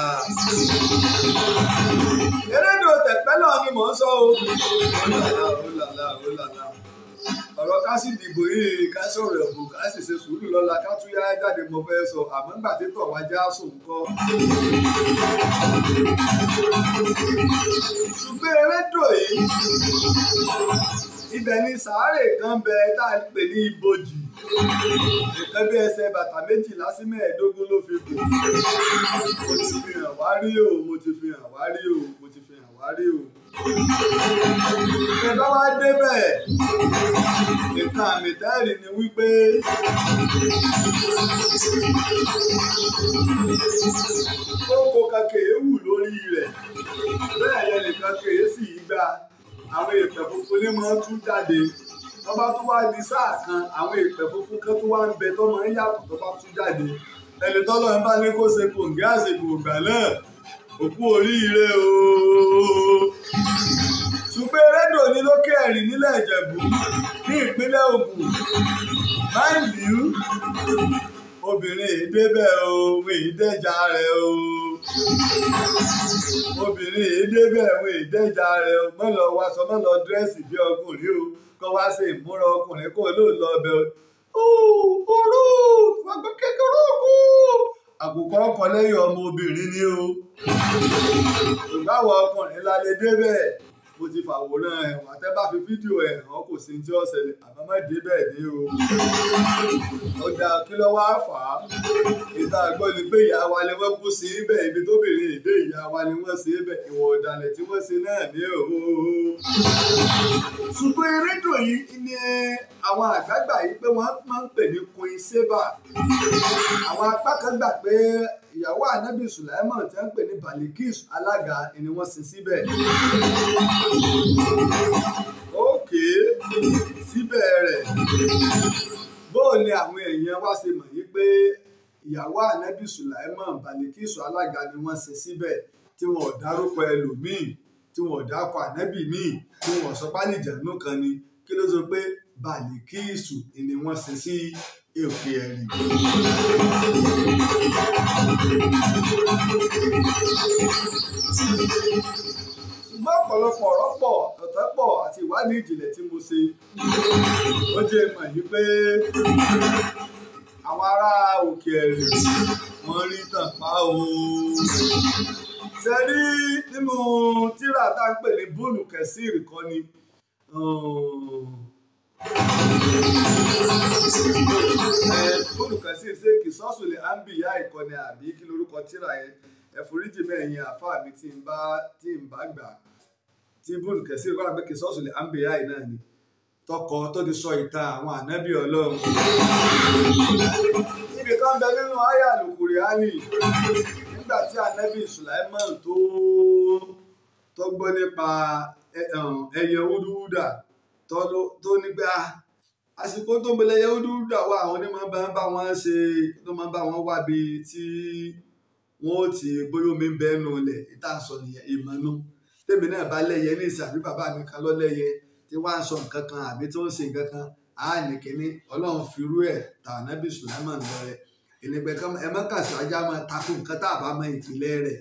S2: erédò tẹ̀pẹ́lọ̀ ni mò ń sọ o ó làlá ó làlá ọ̀rọ̀ ká sì dìbò yìí ká sọ̀rọ̀ ẹ̀bù ká sì ṣe sùúrù lọ́la ká tún yára jáde mo fẹ́ sọ àmọ́ nígbà tí tọ̀ wá já sùn kọ́. ṣùgbọ́n erédò yìí ibẹ̀ ni sàárè kan bẹ tá a pè ní ibojì nǹkan bí ẹsẹ̀ bàtà méjìlá sí mẹ́ẹ̀ẹ́dógún ló fi kù mo ti fi hàn wá rí o mo ti fi hàn wá rí o mo ti fi hàn wá rí o. ìjọba wa débẹ̀ nǹkan àmì táìrì ni wípé kókó kankan èé lórí rẹ̀ bẹ́ẹ̀ yẹn nìkan kèé sì í gbà àwọn èèpẹ̀ funfun ní máa ń tú jáde tó bá tún wá di sáà kan àwọn èèpẹ̀ funfun kan tó wá ń bẹ tó máa ń yàtọ̀ tó bá tú jáde ẹni tọ́lọ́ ń bá ní kó ṣe kòǹgẹ́ àsìkò ìgbà náà òkú oríire ooo. ṣùgbọ́n rédíò ní lókè ẹ̀rìn nílẹ̀ ìjẹ̀bú ní ìpínlẹ̀ Ògùn máìlì obìnrin èdè bẹ́ẹ̀ o èyí dẹ́jà rẹ̀ ooo obìnrin yìí débẹ̀ ẹ̀wọ̀n ìdẹ́jà rẹ̀ mọ́lọ waṣọ mọ́lọ dírẹ́sì bí ọkùnrin o kọ́ wá sí ìmúra ọkùnrin kó ló lọ ọbẹ̀ orú àgbẹ̀ kékeré kú. àkùkọ ọkọ lẹ́yìn ọmọ obìnrin ni o ṣùgbọ́n ọkùnrin la débẹ̀ mo ti fàwòrán ẹ̀wọ̀n àtẹ́bà fi fídíò ẹ̀hán kò sí tí ó ṣẹlẹ̀ àmọ́ má dé o. ó dá kí ló wá fà á. ìta àgbọ̀ ni pé ìyá wa ni wọ́n kú sí ibẹ̀ ibi tó bèrè èdè ìyá wa ni wọ́n ṣe ibẹ̀ ìwọ̀n ọ̀dàlẹ̀ tí wọ́n ṣe náà ní o. ṣùgbọ́n erédò yìí ni àwọn àgbààgbà yìí pé wọ́n máa ń pè ní Queen Seba àwọn apá kan gbà pé ìyàwó ànábì sùlẹ́mọ̀ tí wọ́n ń pè ní balikis alága ni wọ́n sin síbẹ̀. Ok, síbẹ̀ rẹ̀ bóò ni àwọn èèyàn wá ṣe mọ̀ yìí pé ìyàwó ànábì sùlẹ́mọ̀ balikis alága ni wọ́n sin síbẹ̀ tí wọn ò dárúkọ ẹlòmíì tí wọn ò dákọ ànábì míì tí wọn ò sọ pálíjànú kan ni kí ló sọ pé balikisu ni wọ́n sin sí. Si èpè ẹ̀rìn. ṣùgbọ́n ọ̀pọ̀lọpọ̀ ọ̀rọ̀ pọ̀ ọ̀tọ̀ pọ̀ àti ìwádìí ìjìnlẹ̀ tí mo ṣe ó jẹ́ mọ̀ yí pé àwọn ará òkè ẹ̀rìn wọ́n rí tàn pa o. ṣe rí nínú tírà tá à ń pè ní bóòlù kẹsìrì kọ́ni olùkànsí ṣe kì sọ́sùlẹ̀ àǹbìyá ìkọ́ni àbí kí lorúkọ tíra yẹn ẹ̀fọ́ríjì mẹ́rin àfa mi tí ń bá tí ń bá gbà tí bùn kẹsí ìkọ́ra pé kì sọ́sùlẹ̀ àǹbìyá yìí náà ni tọkọ tó ti sọ ìta àwọn ànábì ọlọ́run. níbi kan bẹ nínú àyà àlùkùrẹ́ àlì nígbà tí ànábì Sùláímọ̀n tó tó gbọ́ nípa ẹyẹ wúdúwúdà. E, um, tó nígbà ah, àsìkò tó ń bẹlẹ yẹwò dúdú àwọn àwọn onímọ̀ ń bá wọn ṣe tó máa ń bá wọn wábi tí wọn ò ti bóyá omi ń bẹ́ẹ̀ nù lẹ̀ ìta sọ nìyẹn ìmọ̀nù tèmi náà bá lẹ́yẹ ní ìsìn bàbá mi kan lọ́lẹ́yẹ tí wọ́n á sọ nǹkan kan àbí tí wọ́n ṣe nǹkan kan á ní kínní ọlọ́run fi irú ẹ̀ tànàbí sùlámàn lọ́rẹ́ ìnìgbẹ́ kan ẹ má kà sí ajá máa takò nǹkan tá a bá mọ ìpìlẹ̀ rẹ̀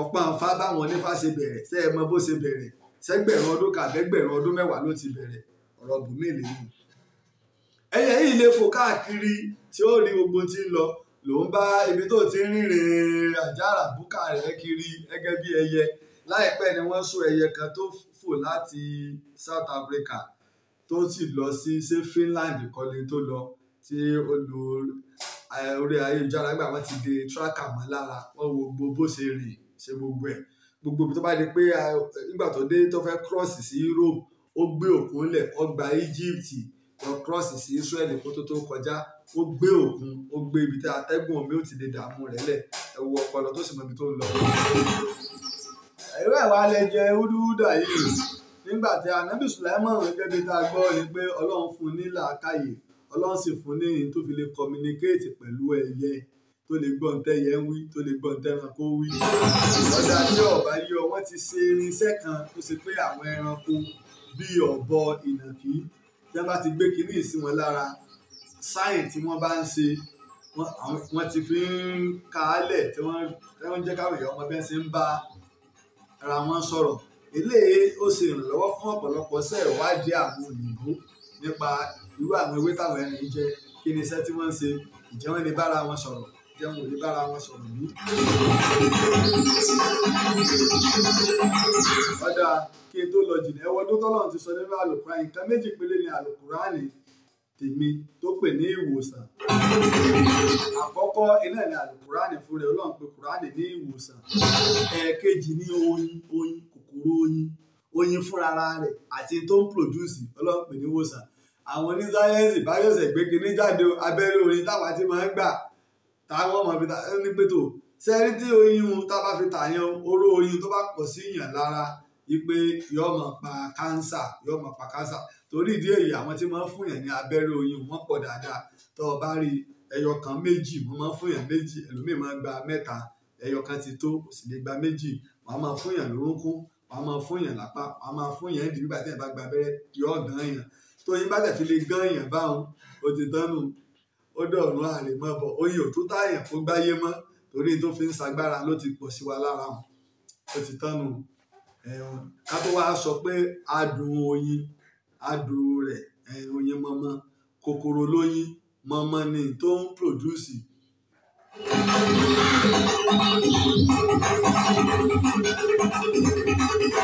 S2: ọ̀pọ̀ àǹfà báwọn onífà ṣe bẹ̀rẹ̀ sẹ́ẹ̀ mọ bó ṣe bẹ̀rẹ̀ sẹ́gbẹ̀rún ọdún kàbẹ́gbẹ̀rún ọdún mẹ́wàá ló ti bẹ̀rẹ̀ ọ̀rọ̀ bùnmí lèyí ẹyẹ yìí lè fò káàkiri tí ó rí gbogbo tí ń lọ lòun bá ibi tó ti rìnrìn àjàrà búkà rẹ̀ kiri gẹ́gẹ́ bí ẹyẹ láìpẹ́ ni wọ́n sún ẹyẹ kan tó fò láti South Africa tó sì lọ sí ṣé Finland kọ́ni tó lọ tí olù eh, orí ayélujára gbà wọ́n ti de tracker mọ́ lára wọ́n wo gbogbo bó ṣe rìn ṣe gbogbo ẹ̀ gbogbo ibi tó bá di pé nígbà tó dé tó fẹ́ cross sí Europe ó gbé òkun lẹ̀ ó gba Egypt lọ cross sí Israel kó tó tó kọjá ó gbé òkun ó gbé ibi tí atẹ́gùn omi ó ti lè dààmú rẹ̀ lẹ̀ ẹ wo ọpọlọ tó sì mọ ibi tó ń lọ. ẹ̀rọ ẹ̀wà lẹ jẹ húdúhúdà yìí nígbà tí anabi Sulaiman gẹ́gẹ́ tá a gbọ́ ni pé Ọlọ́run fún un ní làákàyè Ọlọ́run sì fún un ní ìyìn tó fi lè communicate pẹ̀lú ẹyẹ tó lè gbọ́n tẹ́yẹ ń wí tó lè gbọ́n tẹ́ranko wí. ọ̀dà tí ọ̀bá yọ wọ́n ti ṣe irinṣẹ́ kan tó ṣe pé àwọn ẹranko bíi ọ̀bọ ìnàkí tí wọ́n bá ti gbé kinní sí wọn lára sáyìn tí wọ́n bá ń ṣe wọ́n ti fi ń kaálẹ̀ tí wọ́n ń jẹ́ káwọn ọmọ bẹ́ẹ̀ ṣe ń bá ara wọn sọ̀rọ̀ eléyìí ó ṣe ìrànlọ́wọ́ fún ọ̀pọ̀lọpọ̀ sẹ́ẹ̀wádìí àwọn òyìnbó nípa irú àwọn ewé táwọn ẹni jẹ kí ni iṣẹ́ tí wọ́n ń ṣe ìjẹ́ wọn bára wọn sọ̀rọ̀ jẹun ò ní bára wọn sọ̀rọ̀ bí. ọ̀dà kí n tó lọ jìnnà ẹwọ́n tó tọ́lọ́run ti sọ nínú àlùkùránì nǹkan méjì péré ni àlùkùránì tèmi tó pè ní ìwòsàn. àkọ́kọ́ iná ni àlùkùránì fún rẹ̀ ọlọ́run pé kùránì ní ìwòsàn. ẹ̀ẹ̀kejì ní oyin oyin kòkòrò oyin oyin fúnra rẹ̀ àti tó ń pòdúsì ọlọ́run pè ní ìwòsàn. àwọn oníṣáyẹ́nsì báyọ̀sẹ̀ gbé kinní jáde abẹ́rẹ́ orin táwa ti máa ń gbà táwọn ọmọ fi ta ní tí oyin tá bá fi tà oró oyin tó bá pọ̀ sí yàn lára ipe yọ pa kánsà yọ pa kánsà torí ìdí èyí àwọn tí wọ́n fún yàn ní abẹ́rẹ́ oyin wọ́n pọ̀ dáadáa tó o bá rí ẹyọ kan méjì wọ́n máa fún yàn méjì ẹlòmíì máa gba mẹ́ta ẹyọ kan ti tó kò sì lè gba méjì wọ́n máa fún yàn lórúnkún wọ́n máa fún yàn lápá wọ́n máa fún yàn ìdí nígbà gba abẹ́rẹ́ yọ ọ̀gán yàn tó yín bá tẹ̀ fi lè gán yàn báwọn ó ti dánu ó dọ̀rùn àrèmọ́bọ̀ oyè òtútà àyàn kó gbáyé mọ́ torí tó fi ń sagbára ló ti pọ̀ sí wa lára wọn ó ti tánu ẹ̀wọ̀n ká tó wá sọ pé adùn oyin adùn rẹ̀ oyin mọ́mọ́ kòkòrò lóyin mọ́mọ́ ni tó ń pòdúsì
S3: Thank you gẹ́gẹ́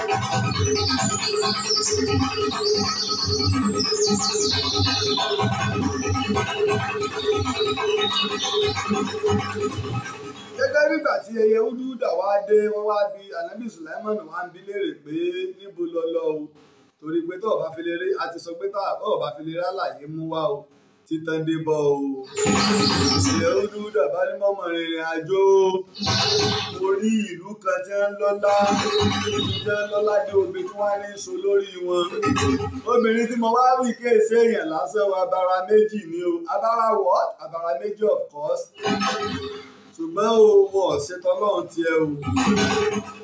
S2: bígbà tí ẹyẹ húdúdà wá dé wọ́n wá bi ànábì sùláìmọ̀nù wá ń bi léèrè pé níbo lọ lọ o torí pé tó o bá fi lè rí a ti sọ pé tó o bá fi lè rí àlàyé mú wá o títàndé bọ̀ o. ìṣẹ́ ó dúró dàbá ní mọ́mọ́ rìnrìn àjò orí ìlú kan tí wọ́n lọ́lá ìlú tí wọ́n lọ́lá dé omi tí wọ́n ní so lórí wọn. obìnrin tí mo wá wí kéèsè èèyàn lásán wa abara méjì ni o abara what abara méjì of course ṣùgbọ́n o wọ̀ ṣetán lọ́run tiẹ̀ o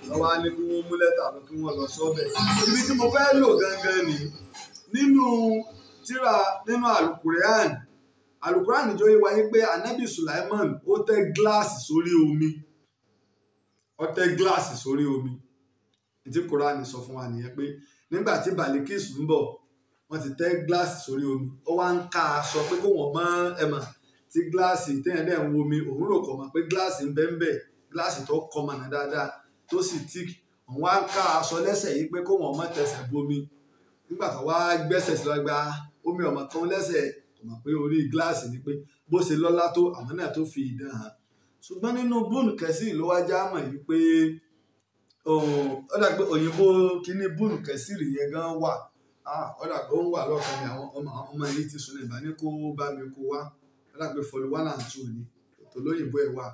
S2: lọ́wọ́ á ní kí wọ́n mú lẹ́tà lọ kí wọ́n lọ sọ́bẹ̀ ibi tí mo fẹ́ lò gangan ni nínú tíra nínú alukurean alukurean jọ yé wáyé pé anabi sulaiman ó tẹ gíláàsì sórí omi ó tẹ gíláàsì sórí omi etí kuraani sọ fún wa nìyẹn pé nígbà tí balikis ń bọ̀ wọ́n ti tẹ gíláàsì sórí omi ó wá ń ká a sọ pé kó wọ́n mọ ẹmà tí gíláàsì ń wo omi òun rò kọ̀ mọ̀ pé gíláàsì ń bẹ́ẹ̀ bẹ́ẹ̀ gíláàsì tó kọ́ mọ̀nà dáadáa tó sì omi ọmọ kan lẹ́sẹ̀ kò mọ̀ pé orí gíláàsì ni pé bó ṣe lọ́lá tó àwọn náà tó fi idán hàn ṣùgbọ́n nínú bùn kẹsì ló wá já mọ̀ yìí pé ó dà pé òyìnbó kínní bùn kẹsì yẹn gan wà ó dà pé ó ń wà lọ́kàn ní àwọn ọmọ yìí ti sùn nígbà ní kó bá mi kó wá ó pé fọlù wà láǹtù ni ètò lóyìnbó ẹ̀ wà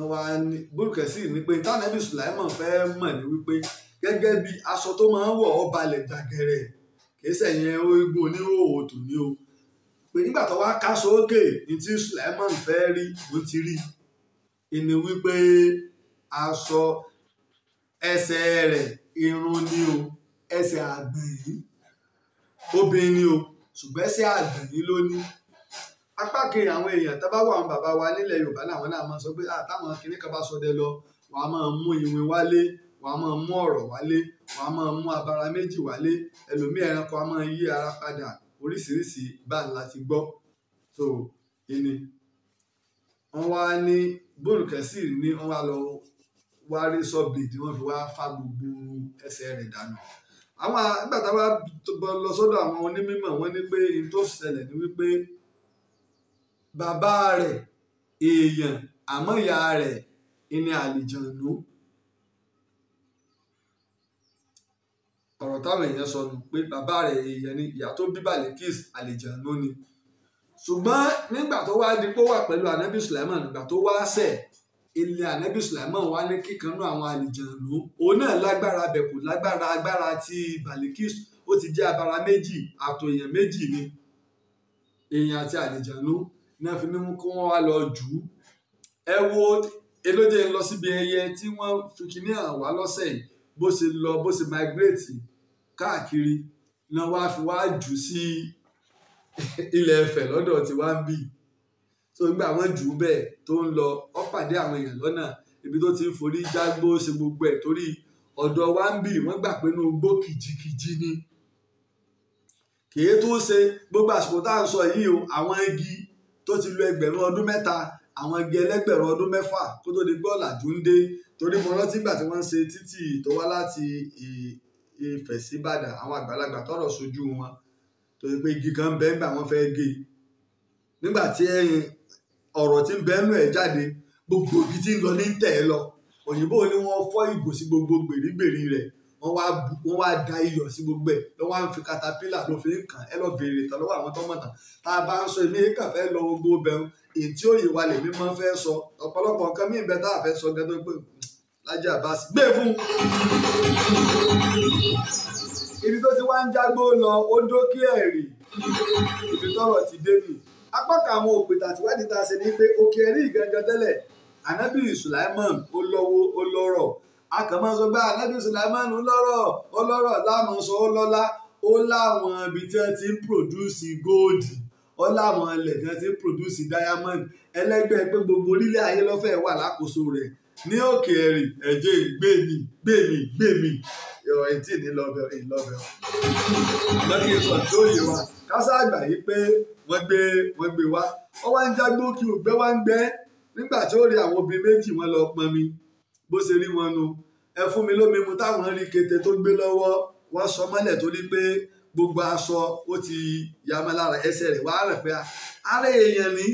S2: wọn wá ní bùn kẹsì ni pé tánẹ́bí sùláìmọ̀ fẹ́ mọ̀ ní wípé gẹ́gẹ́ bí aṣọ tó máa ń wọ̀ ọ́ balẹ̀ èsẹ̀ yẹn orígun oníròwò tò ní o pé nígbà tó wá ká sókè ní tí Sulaiman fẹ́ rí ló ti rí ìní wípé aṣọ ẹsẹ̀ rẹ̀ irun ni o ẹsẹ̀ àgbẹ̀yìn obìnrin ni o ṣùgbọ́n ẹsẹ̀ àgbẹ̀yìn ló ní apá kejì àwọn èèyàn tábà wà àwọn bàbá wa nílẹ̀ Yorùbá làwọn náà máa sọ pé àtàwọn kìnnìkan bá sọdẹ lọ wàá máa mú ìwé wálé wàá máa mú ọ̀rọ̀ wálé wọn a máa mú abara méjì wálé ẹlòmíì ẹranko a máa yí ara padà oríṣiríṣi bá ń láti gbọ́ so ìní wọn wá ní bóòlùkẹsì ní wọn wá lọ wá rí sọbìdì wọn fi wá fa gbogbo ẹsẹ̀ rẹ̀ dànù àwọn nígbà tá a bá lọ sọ́dọ̀ àwọn onímọ̀ wọn ní pé n tó ṣẹlẹ̀ ni wípé bàbá rẹ̀ èèyàn àmọ́ ìyá rẹ̀ ìní àlìjànú. No? ọ̀rọ̀ táwọn èèyàn sọ nù pé bàbá rẹ̀ èèyàn ni ìyá tó bí Balikis àlìjànú ni ṣùgbọ́n nígbà tó wá di pé ó wà pẹ̀lú anabi Sulaiman nígbà tó wá ṣẹ̀ ilé anabi Sulaiman wá ní kíkanú àwọn àlìjànú òun náà lágbára bẹ̀ kò lágbára agbára ti Balikis ó ti jẹ́ abara méjì àtò èèyàn méjì ni èèyàn àti àlìjànú náà fi mímú kí wọ́n wá lọ jù ú ẹ wo elóde ń lọ síbi ẹyẹ tí wọ́n fi kíní àwọn lọ́sẹ̀ bó ṣe lọ bó ṣe migrate káàkiri náà wá fi wá jù sí ilẹ̀ Ifẹ̀ lọ́dọ̀ tí wá ń bì tó nígbà wọn jù ú bẹ́ẹ̀ tó ń lọ ó àwọn èèyàn lọ́nà ibi tó ti ń forí jágbó ṣe gbogbo ẹ̀ torí ọ̀dọ̀ wa ń bì wọ́n gbà pé inú gbó kìjikìji ni kìí tó ṣe gbogbo àsìkò tá à ń sọ yìí o àwọn igi tó ti lo ẹgbẹ̀rún ọdún mẹ́ta àwọn igi ẹlẹ́gbẹ̀rún ọdún mẹ́fà kó tó di gbọ́ ń dé torí mo rántí ìgbà tí wọ́n ń ṣe títì tó wá láti Ifẹ̀ síbàdàn àwọn àgbàlagbà tọrọ sojú wọn torí pé igi kan bẹ́ẹ̀ bá wọn fẹ́ gé nígbà tí ẹyin ọ̀rọ̀ tí ń bẹ́ẹ̀nù ẹ̀ jáde gbogbo ibi tí ń lọ ní tẹ̀ ẹ́ lọ òyìnbó ni wọ́n fọ́ ìgò sí gbogbo gbèrígbèrí rẹ̀ wọ́n wá da iyọ̀ sí gbogbo ẹ̀ lọ́wọ́ à ń fi katapila ló fi ń kàn béèrè tán lọ́wọ́ àwọn tọ́mọ̀ tán tá a bá ń sọ èmi kàn fẹ́ lọ gbogbo bẹ̀rù èyí tí òye wa lèmi máa ń fẹ́ sọ ọ̀pọ̀lọpọ̀ nǹkan mí Lájì Abbas gbé e fún ibi tó ti wá ń jágbó lọ ó dókí ẹ̀rì ibi tọ́rọ̀ ti dé nì apá kan àwọn òpìtà tìwádìí ta ṣe ni pé òkè ẹ̀rí gangan tẹ́lẹ̀ Ànábì Sulaiman ó lọ́wọ́ ó lọ́rọ̀ a kàn máa sọ pé Sulaiman lọ́rọ̀ ó lọ́rọ̀ láàmú sọ ó lọ́lá ó láwọn ibi tí wọ́n ti ń pòdúsì góòdì ó láwọn ilẹ̀ tí wọ́n ti ń pòdúsì dáyámọ́ndì ẹlẹ́gbẹ́ pé gbogbo orílẹ̀ ayé lọ́fẹ̀ẹ́ wà lákòóso rẹ̀ ní òkè ẹ̀rì ẹ̀jẹ̀ gbèmí gbèmí gbèmí ìrọ̀ etí ní lọ́bẹ̀ ìlọ́bẹ̀ lọ́kì ìsọ̀ tó yé wa kásá àgbà yìí pé wọ́n gbé wọ́n gbé wá wọ́n wá ń jágbó kí ògbẹ́ wá ń gbẹ́ nígbà tí ó rí àwọn obìnrin méjì wọn lọ pọn mi bó ṣe rí wọn nu ẹ fún mi lómi mu táwọn rí kété tó gbé lọ́wọ́ wọ́n sọ mọ́lẹ̀ tó ní pé gbogbo aṣọ ó ti yamọ́ lára ẹsẹ̀ rẹ̀ wàá rẹ̀ pé ara èèyàn ní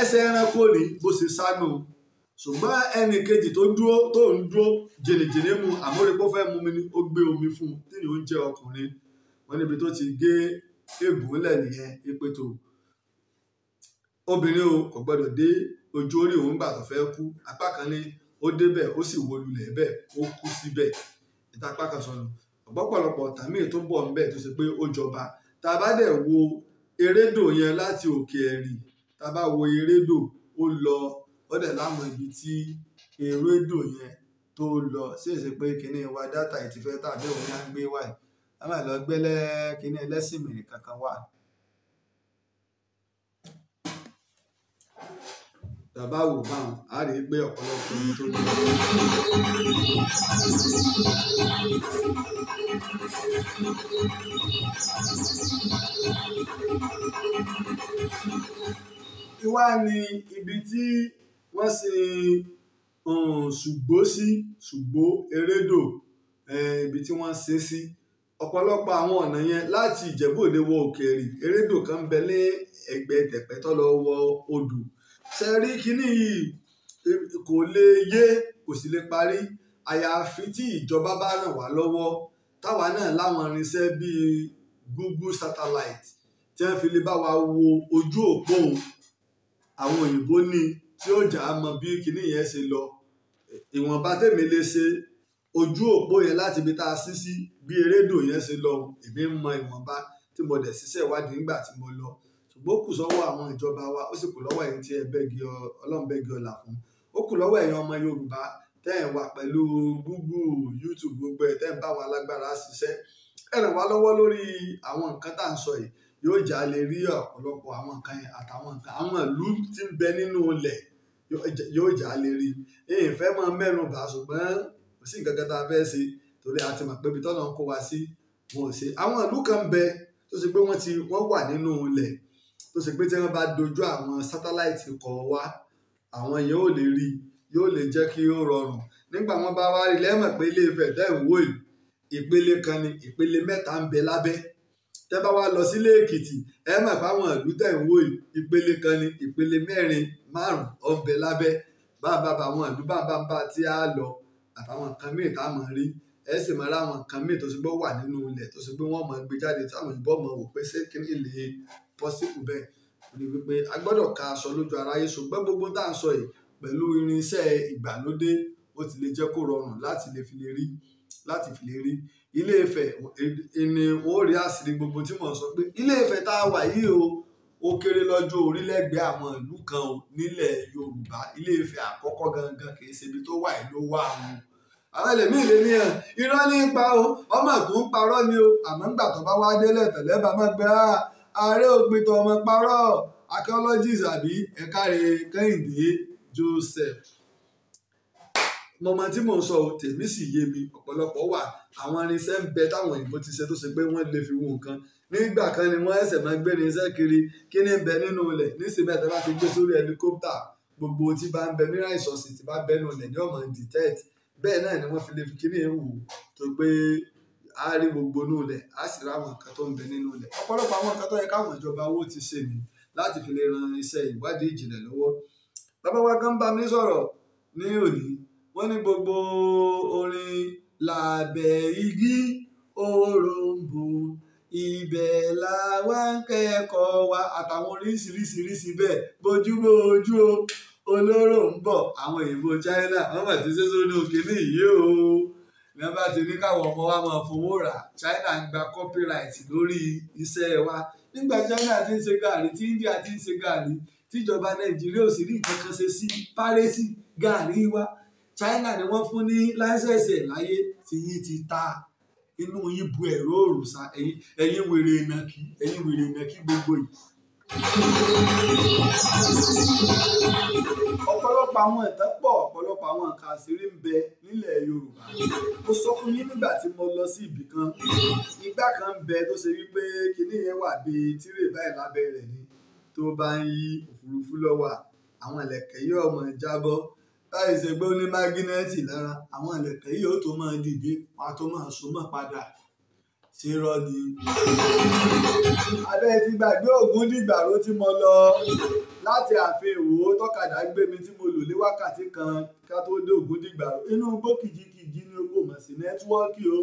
S2: ẹsẹ̀ ẹranko ní bó ṣe sánú ṣùgbọ́n ẹnì kejì tó dúró tó ń dúró jìnnìjìnnì mu àmúrepó fẹ́ mu mi ni ó gbé omi fún un tí yóò jẹ́ ọkùnrin wọn níbi tó ti gé ègbólẹ̀ nìyẹn ipe obìnrin o kò gbọdọ̀ dé ojú orí òun gbà tó fẹ́ kú apá kan ní ó débẹ̀ ó sì wó lulẹ̀ bẹ́ẹ̀ ó kú síbẹ̀ ìtapá kan sọnù ọ̀pọ̀pọ̀lọpọ̀ tàmí tó bọ̀ ń bẹ̀ tó ṣe pé ó jọba tá a bá dẹ̀ wo erédò yẹn láti òkè ẹ̀rì tá a bá wo erédò ó lọ ó dẹ̀ láwọn ibi tí erédò yẹn tó lọ sí èsì pé kíní wa dátà yìí ti fẹ́ tà bí òun ní à ń gbé wá yìí wọ́n máa lọ gbẹ́lẹ́ kíní ẹlẹ́sìn mìíràn kankan wà. bàbá wò báwọn á rí i pé ọ̀pọ̀lọpọ̀ ohun tó ń bọ̀. ni ibi tí wọ́n ṣe um, ṣùgbó sí ṣùgbó erédò eh, ibi tí wọ́n ṣe sí ọ̀pọ̀lọpọ̀ àwọn ọ̀nà yẹn láti ìjẹ́bú-òde wọ òkèèrè erédò kan bẹ lé ẹ̀gbẹ́ tẹ̀pẹ́ tó lọ wọ odò ṣe rí kínní yìí e, kò lè yé kò sì lè parí àyàfi tí ìjọba bá ràn wá lọ́wọ́ táwa náà láwọn irinṣẹ́ bíi Google satellite tí wọ́n fi lè bá wa wo ojú òpó àwọn òyìnbó ní tí ó jà á mọ bí kinní yẹn ṣe lọ ìwọ̀nba tèmi lè ṣe ojú òpó yẹn láti ibi tá a sí sí bí erédò yẹn ṣe lọ èmi ń mọ ìwọ̀nba tí mo dẹ̀ ṣiṣẹ́ ìwádìí nígbà tí mo lọ ṣùgbọ́n ó kù sọ́wọ́ àwọn ìjọba wa ó sì kù lọ́wọ́ ẹ̀yin tí ẹ bẹ́gi ọlọ́mbẹ́gi ọ̀là fún ó kù lọ́wọ́ ẹ̀yin ọmọ Yorùbá tẹ́ ẹ̀ wà pẹ̀lú Google YouTube gbogbo ẹ̀ tẹ́ ẹ̀ bá wọn alágbára ṣiṣẹ́ ẹ ràn wá lọ́wọ́ lórí àwọn nǹkan tá à ń sọ yìí yóò já lè rí ọ̀pọ̀lọpọ̀ àwọn nǹkan yẹn àtàwọn nǹkan àwọn ìlú tí ń bẹ nínú ilẹ̀ yóò jà á lè rí èyí fẹ́ máa mẹ́nu bà ṣùgbọ́n kò sí nǹkan kan tá a fẹ́ ṣe torí a ti mọ̀ pé ibi tọ́nà ń kó wa sí wọn ò ṣe àwọn ìlú kan bẹ tó ṣe pé wọ́n ti wọ́n wà nínú ilẹ̀ tó ṣe pé tí wọ́n bá dojú àwọn sátáláìtì kọ̀ wá àwọn yẹn ò lè rí yóò lè jẹ́ kí ó rọrùn nígbà wọn bá wá rí lẹ́mọ̀ pé Ilé-Ifẹ̀ tẹ́ wò yìí ìpele kan ni ìpele mẹ́ta ń bẹ lábẹ́ tẹ́ bá wá lọ sílé èkìtì ẹ mà báwọn ìlú tẹ̀ ń wò yìí ìpele kan ní ìpele mẹ́rin márùn ọbẹ lábẹ́ bàbá bàwọn ìlú bàbá bá tí a lọ àtàwọn nǹkan míì tá a mọ̀ rí ẹ sì mọ̀ ra àwọn nǹkan míì tó ṣe pé wà nínú ilẹ̀ tó ṣe pé wọ́n mọ̀ gbé jáde táwọn ìbọn mọ̀ wò pé ṣé kí ni lè pọ́sibú bẹ́ẹ̀ ni wípé a gbọ́dọ̀ ka aṣọ lójú aráyé ṣùgbọ́n gbogbo tá à ń sọ yìí pẹ̀lú irinṣẹ́ ìgbàlódé ó ti lè jẹ́ kó rọrùn láti lè fi lè rí láti fi lè rí ilé Ifẹ̀ ni ó rí àṣírí gbogbo tí mò ń sọ pé ilé Ifẹ̀ tá a wà yìí o ó kéré lọ́jọ́ orí lẹ́gbẹ̀ẹ́ àwọn ìlú kan o nílẹ̀ Yorùbá ilé Ifẹ̀ àkọ́kọ́ gangan kì í ṣe ibi tó wà yìí ló wà o àwọn ẹlẹ́mìí lè ní ẹ̀ irọ́ ní pa o ọmọ tó ń parọ́ ni o àmọ́ ńgbà tó bá wá délẹ̀ tẹ̀lẹ́ bá má gbé a ààrẹ òpìtàn ọmọ parọ́ archaeologist àbí ẹ̀ka rẹ̀ Kẹ́hìndé Joseph mo mọ tí mò ń sọ tèmi sì yé mi ọ̀pọ̀lọpọ̀ wà àwọn irinṣẹ́ ń bẹ táwọn òyìnbó ti ṣe tó ṣe pé wọ́n lè fi wo nǹkan nígbà kan ni wọ́n ẹsẹ̀ máa gbé irinṣẹ́ kiri kí ni ń bẹ nínú ilẹ̀ nísìnyí bẹ́ẹ̀ tó bá ti gbé sórí ẹlikópítà gbogbo tí bá ń bẹ mìíràn ìsọ̀sì tí bá bẹ́nu ilẹ̀ ni ọmọ detect bẹ́ẹ̀ náà ni wọ́n fi lè fi kíní ewu tó pé a rí gbogbo inú ilẹ̀ a sì rí àwọn nǹkan tó ń bẹ nínú ilẹ̀ ọ̀pọ̀lọpọ̀ àwọn nǹkan tó yẹ káwọn ní òní wọ́n ní gbogbo orin lábẹ́ igi òrom̀bó ibẹ̀ làwa ń kẹ́kọ̀ọ́ wa àtàwọn oríṣiríṣiríṣi bẹ́ẹ̀ bójúmọ́ ojú o olóró ń bọ̀ àwọn èèbó China wọ́n mà ti sẹ́sọ́ ní òkè ní ìyé o ìyẹn bá ti ní káwọn ọmọ wa máa fowó rà China ń gba copyright lórí iṣẹ́ wa nígbà China ti ń ṣe gàrí tí India ti ń ṣe gàrí tíjọba Nàìjíríà ò sì rí nǹkan kan ṣe sí párẹ́sì gàrí wa China ni wọ́n fún ní láìsẹ̀sì láyé tí yín ti ta inú yín bu ẹ̀rọ òrùsà ẹ̀yin wèrè ìnàkí ẹ̀yin wèrè ìnàkí gbogbo yìí. ọ̀pọ̀lọpọ̀ àwọn ìtàn pọ̀ ọ̀pọ̀lọpọ̀ àwọn nǹkan àṣírí ń bẹ nílẹ̀ Yorùbá mo sọ fún yín nígbà tí mo lọ sí ibì kan igbá kan bẹ tó ṣe wípé kinní yẹn wà bíi tírè báyìí lábẹ́ rẹ̀ ni tó bá ń yí òfurufú lọ́wọ́ àwọn ìlẹ̀kẹ̀ yóò mọ̀ jábọ́ láìsẹ̀ pé ó ní mágínẹ́ẹ̀tì lára àwọn ìlẹ̀kẹ̀ yìí ó tó máa dìde wàá tó máa so mọ́ padà ṣe rọ ni. abẹ́ ti gbàgbé ògùn dìgbàró tí mo lọ láti ààfin Ìwó tọ́kadà gbé mi tí mo lò lé wákàtí kan ká tó dé ògùn dìgbàró inú igbó kìjikìji ni ogun mọ̀ sí nẹ́tíwọ́ọ̀kì o.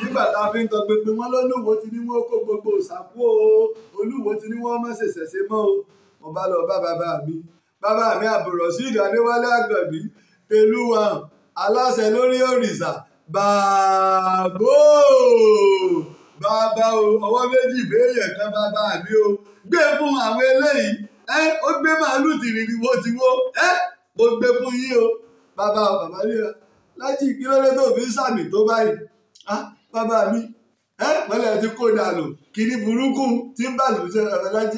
S2: nígbà tá a fi ń tan pinpin wọn lọ́lúwo ti ní wọn kó gbogbo òsàkó o olúwo ti ní wọn mọ̀ ṣẹ̀ṣẹ̀ ṣe mọ́ o mo bá lọ bá bàbá mi bàbá mi àbùrọ̀ sí ìdáníwálé àgbẹ̀bí pẹ̀lúwa aláṣẹ lórí òrìṣà bàbá bàbá o ọwọ́ méjì béèyàn kan bàbá mi o gbé fún àwọn eléyìí ẹ ó gbé màálù ni wo ti wo ẹ mo gbé fún yín o bàbá o bàbá mi o láti ìkílódé tó fi ń sàmì tó báyìí ah bàbá mi ẹ mọ́lẹ̀ ti kó dànù kí ni burúkú tí ń bàlù ṣe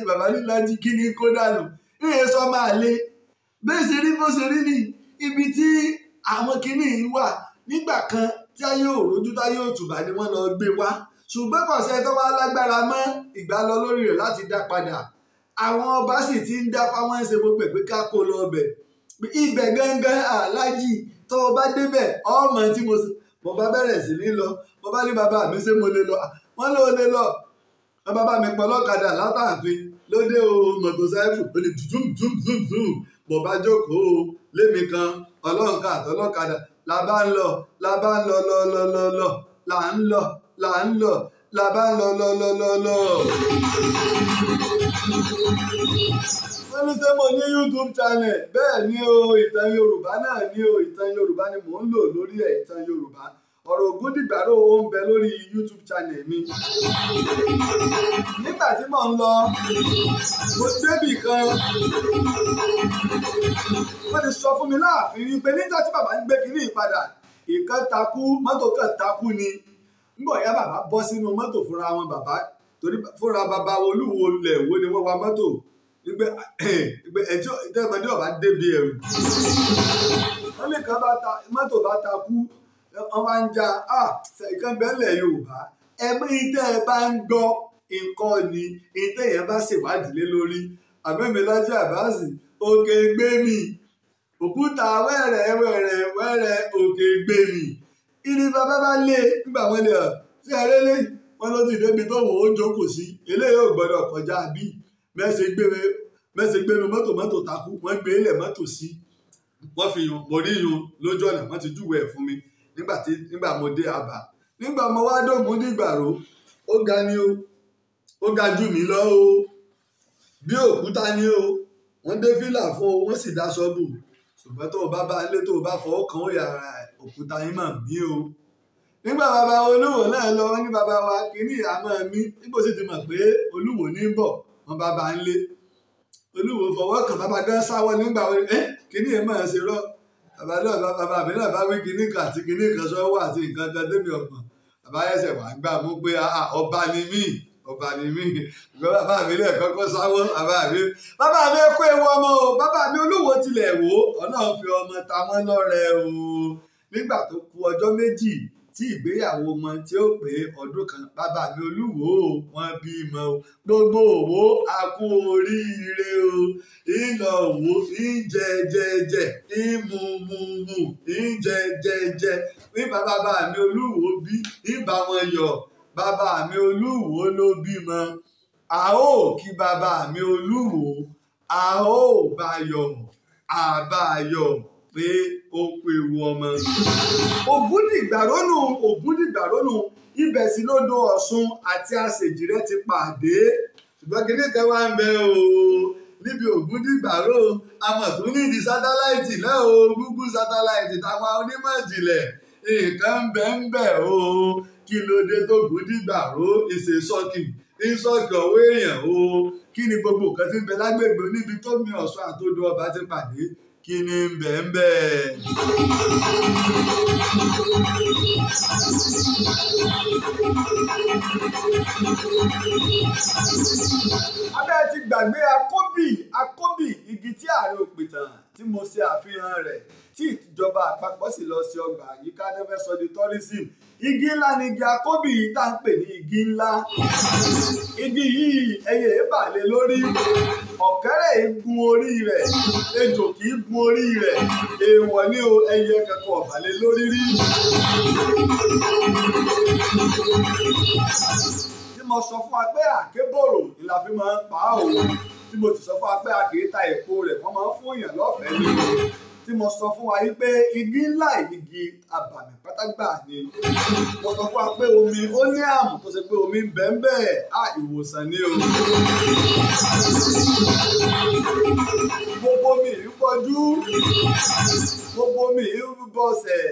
S2: bàbá ní lájí kí kó dànù ìyẹn sọ máa le bẹ́ẹ̀ ṣe rí bó ṣe rí ni ibi tí àwọn kinní yìí wà nígbà kan tí a yóò rojú tá yóò tùbà ni wọ́n lọ gbé wá ṣùgbọ́n kò sẹ́ tó wá lágbára mọ́ ìgbà lọ lórí rẹ̀ láti dá padà àwọn ọba sì ti ń dá fáwọn ẹsẹ̀ gbogbo ẹ̀ pé ká kó lọ ọbẹ̀ ibẹ̀ gángan aláàjì tó o bá débẹ̀ ọmọ tí mo bá bẹ̀rẹ̀ sí ní lọ mo bá ní bàbá mi ṣé mo lè lọ wọ́n lọ lè lọ wọn bá bá mi pọ lọ́kadà látàfin lóde o mọ̀tòsáìfù ó ní dùdùm dùm dùm dùm mo bá jókòó lémi kan ọlọ́ǹkà àtọlọ́kadà la bá ń lọ la bá ń lọ lọ lọ lọ lọ là ń lọ là ń lọ la bá ń lọ lọ lọ lọ lọ. wọ́n ní ní youtube channel bẹ́ẹ̀ ni o ìtàn yorùbá náà ni o ìtàn yorùbá ni mò ń lò lórí ẹ̀ ìtàn yorùbá ọ̀rọ̀ Ògúndìgbàrò ó ń bẹ lórí YouTube channel mi. nígbà tí mò ń lọ mo débì kan wọ́n ti sọ fún mi láàfin wípé nígbà tí bàbá ń gbé kínní ìpadà ìkan takú mọ́tò kan takú ni ńgbọ̀ ya bàbá bọ́ sínú mọ́tò fúnra wọn bàbá torí fúnra bàbá olúwo lẹ̀ wo ni wọ́n wa mọ́tò gbẹ gbẹ ẹjọ́ ìtẹ́gbẹ́dẹ́ ọ̀bá débi ẹ̀rù wọ́n lè kàn bá ta mọ́tò bá takú wọ́n máa ń ja ìkan ah, bẹ́ẹ̀lẹ̀ yorùbá ẹ mú ìtẹ́ ẹ bá ń gbọ́ nǹkan ni ìtẹ́ yẹn bá ṣèwádìí lé lórí àbẹ́mi lọ́jọ́ àbáàsì òkè gbé mi òkúta wẹ́rẹ̀ wẹ́rẹ̀ wẹ́rẹ̀ òkè gbé mi ìní bàbá bá lé nígbà wọn lè ṣe àrélé wọn ló ti débi tó wò ó jókòó sí eléyìí ò gbọdọ̀ kọjá bí mẹ́sẹ̀ gbé mi mọ́tò mọ́tò takú wọ́n gbé ilẹ̀ mọ́tò sí wọ́n fi yun mọ̀ ní yun lójú ọ̀nà wọ́n ti júwèé fún mi nígbà tí nígbà mo dé àbá nígbà mo wá dógun dìgbàrò ó ga ni o ó ga jù mí lọ o bí òkúta ni o wọ́n dé fílà fún o wọ́n sì daṣọ bù ṣùgbọ́n tó o bá bá ilé tó o bá fọwọ́ kan ó yàrá òkúta yín mà mí o nígbà bàbá olúwo náà lọ ní bàbá wa kínní àmọ́ mi nígbò sì ti mọ̀ pé olúwo ní bọ̀ wọn bàbá ń lé olúwo fọwọ́ kan bàbá gán sáwọ́ nígbà wọn ẹ kínní ẹ̀ máa ṣe rọ́ọ̀ bàbá náà bàbá mi náà bá wí kinní kan àti kinní kan sọ́wọ́ àti nǹkan kan débi ọ̀gbọ̀n bàbá ẹsẹ̀ wà gbà mú pé ah, ah, ọba ni mí ọba ni mí ṣùgbọ́n bàbá mi náà kọ́kọ́ sáwọ́ bàbá mi bàbá mi kó ewu ọmọ o bàbá mi olówó tilẹ̀ wò ó ọlọ́run fi ọmọ ta wọ́n lọ́rẹ o nígbà tó kù ọjọ́ méjì tí ìgbéyàwó wọn tí ó pé ọdún kan bàbá mi olúwo wọn bímọ o gbogbo òwò a kú oríire o ìlọ òwò ìjẹjẹjẹ ìmùmùmù ìjẹjẹjẹ bí bàbá bàbá mi olúwo bí ìbá wọn yọ̀ bàbá mi olúwo ló bímọ a ó kí bàbá mi olúwo a ó bá yọ̀ àbáyọ̀ pé ó kú ewu ọmọ. ògúndìgbàrónù ògúndìgbàrónù ibẹ̀ sí lódò ọ̀ṣun àti àṣejìrẹ ti pàdé ṣùgbọ́n kíní kan wá ń bẹ o níbi ògúndìgbàró amọ̀tún nídi sátáláìtì náà o Google sátáláìtì táwọn onímọ̀ ìjìnlẹ̀ nǹkan ń bẹ ń bẹ o kí ló dé tó ògúndìgbàró ìṣe sọ́ọ̀kì ìṣọ́ọ̀kì ọ̀wọ́ èèyàn o kí ni gbogbo nǹkan ti ń bẹ lágbègbè níbi tó mi ọ̀ṣun àtòdó ọba ti pàdé kí ni ń bẹ̀ ń bẹ̀. abẹ́ ti gbàgbé akóbì akóbì igi tí ààrẹ òpìtàn tí mo ṣe àfihàn rẹ̀ tí ìjọba àpapọ̀ sì lọ sí ọgbà àyíká tó fẹ́ sọ di tourism igi ńlá ni igi akóbì yìí tá à pè ní igi ńlá igi yìí ẹyẹ ìbàlẹ̀ lórí ọ̀kẹ́rẹ́ ìgun orí rẹ̀ ejò kì í gun orí rẹ̀ èèwọ̀ ni o ẹyẹ kankan ọ̀bàlẹ̀ lórí rí. tí mo sọ fún wa pé àkébòrò ni la fi máa ń pa á o tí mo sì sọ fún wa pé a èpo rẹ̀ wọ́n máa ń fún èèyàn lọ́fẹ̀ẹ́ nínú tí mo sọ fún wa yìí pé igi ńlá igi abàmì pátágbà ni mo sọ fún wa pé omi ó ní àmù tó ṣe pé omi ń bẹ ń bẹ à ìwòsàn ni o. gbogbo omi yìí pọ̀jù gbogbo omi yìí rúbọ ọ̀sẹ̀.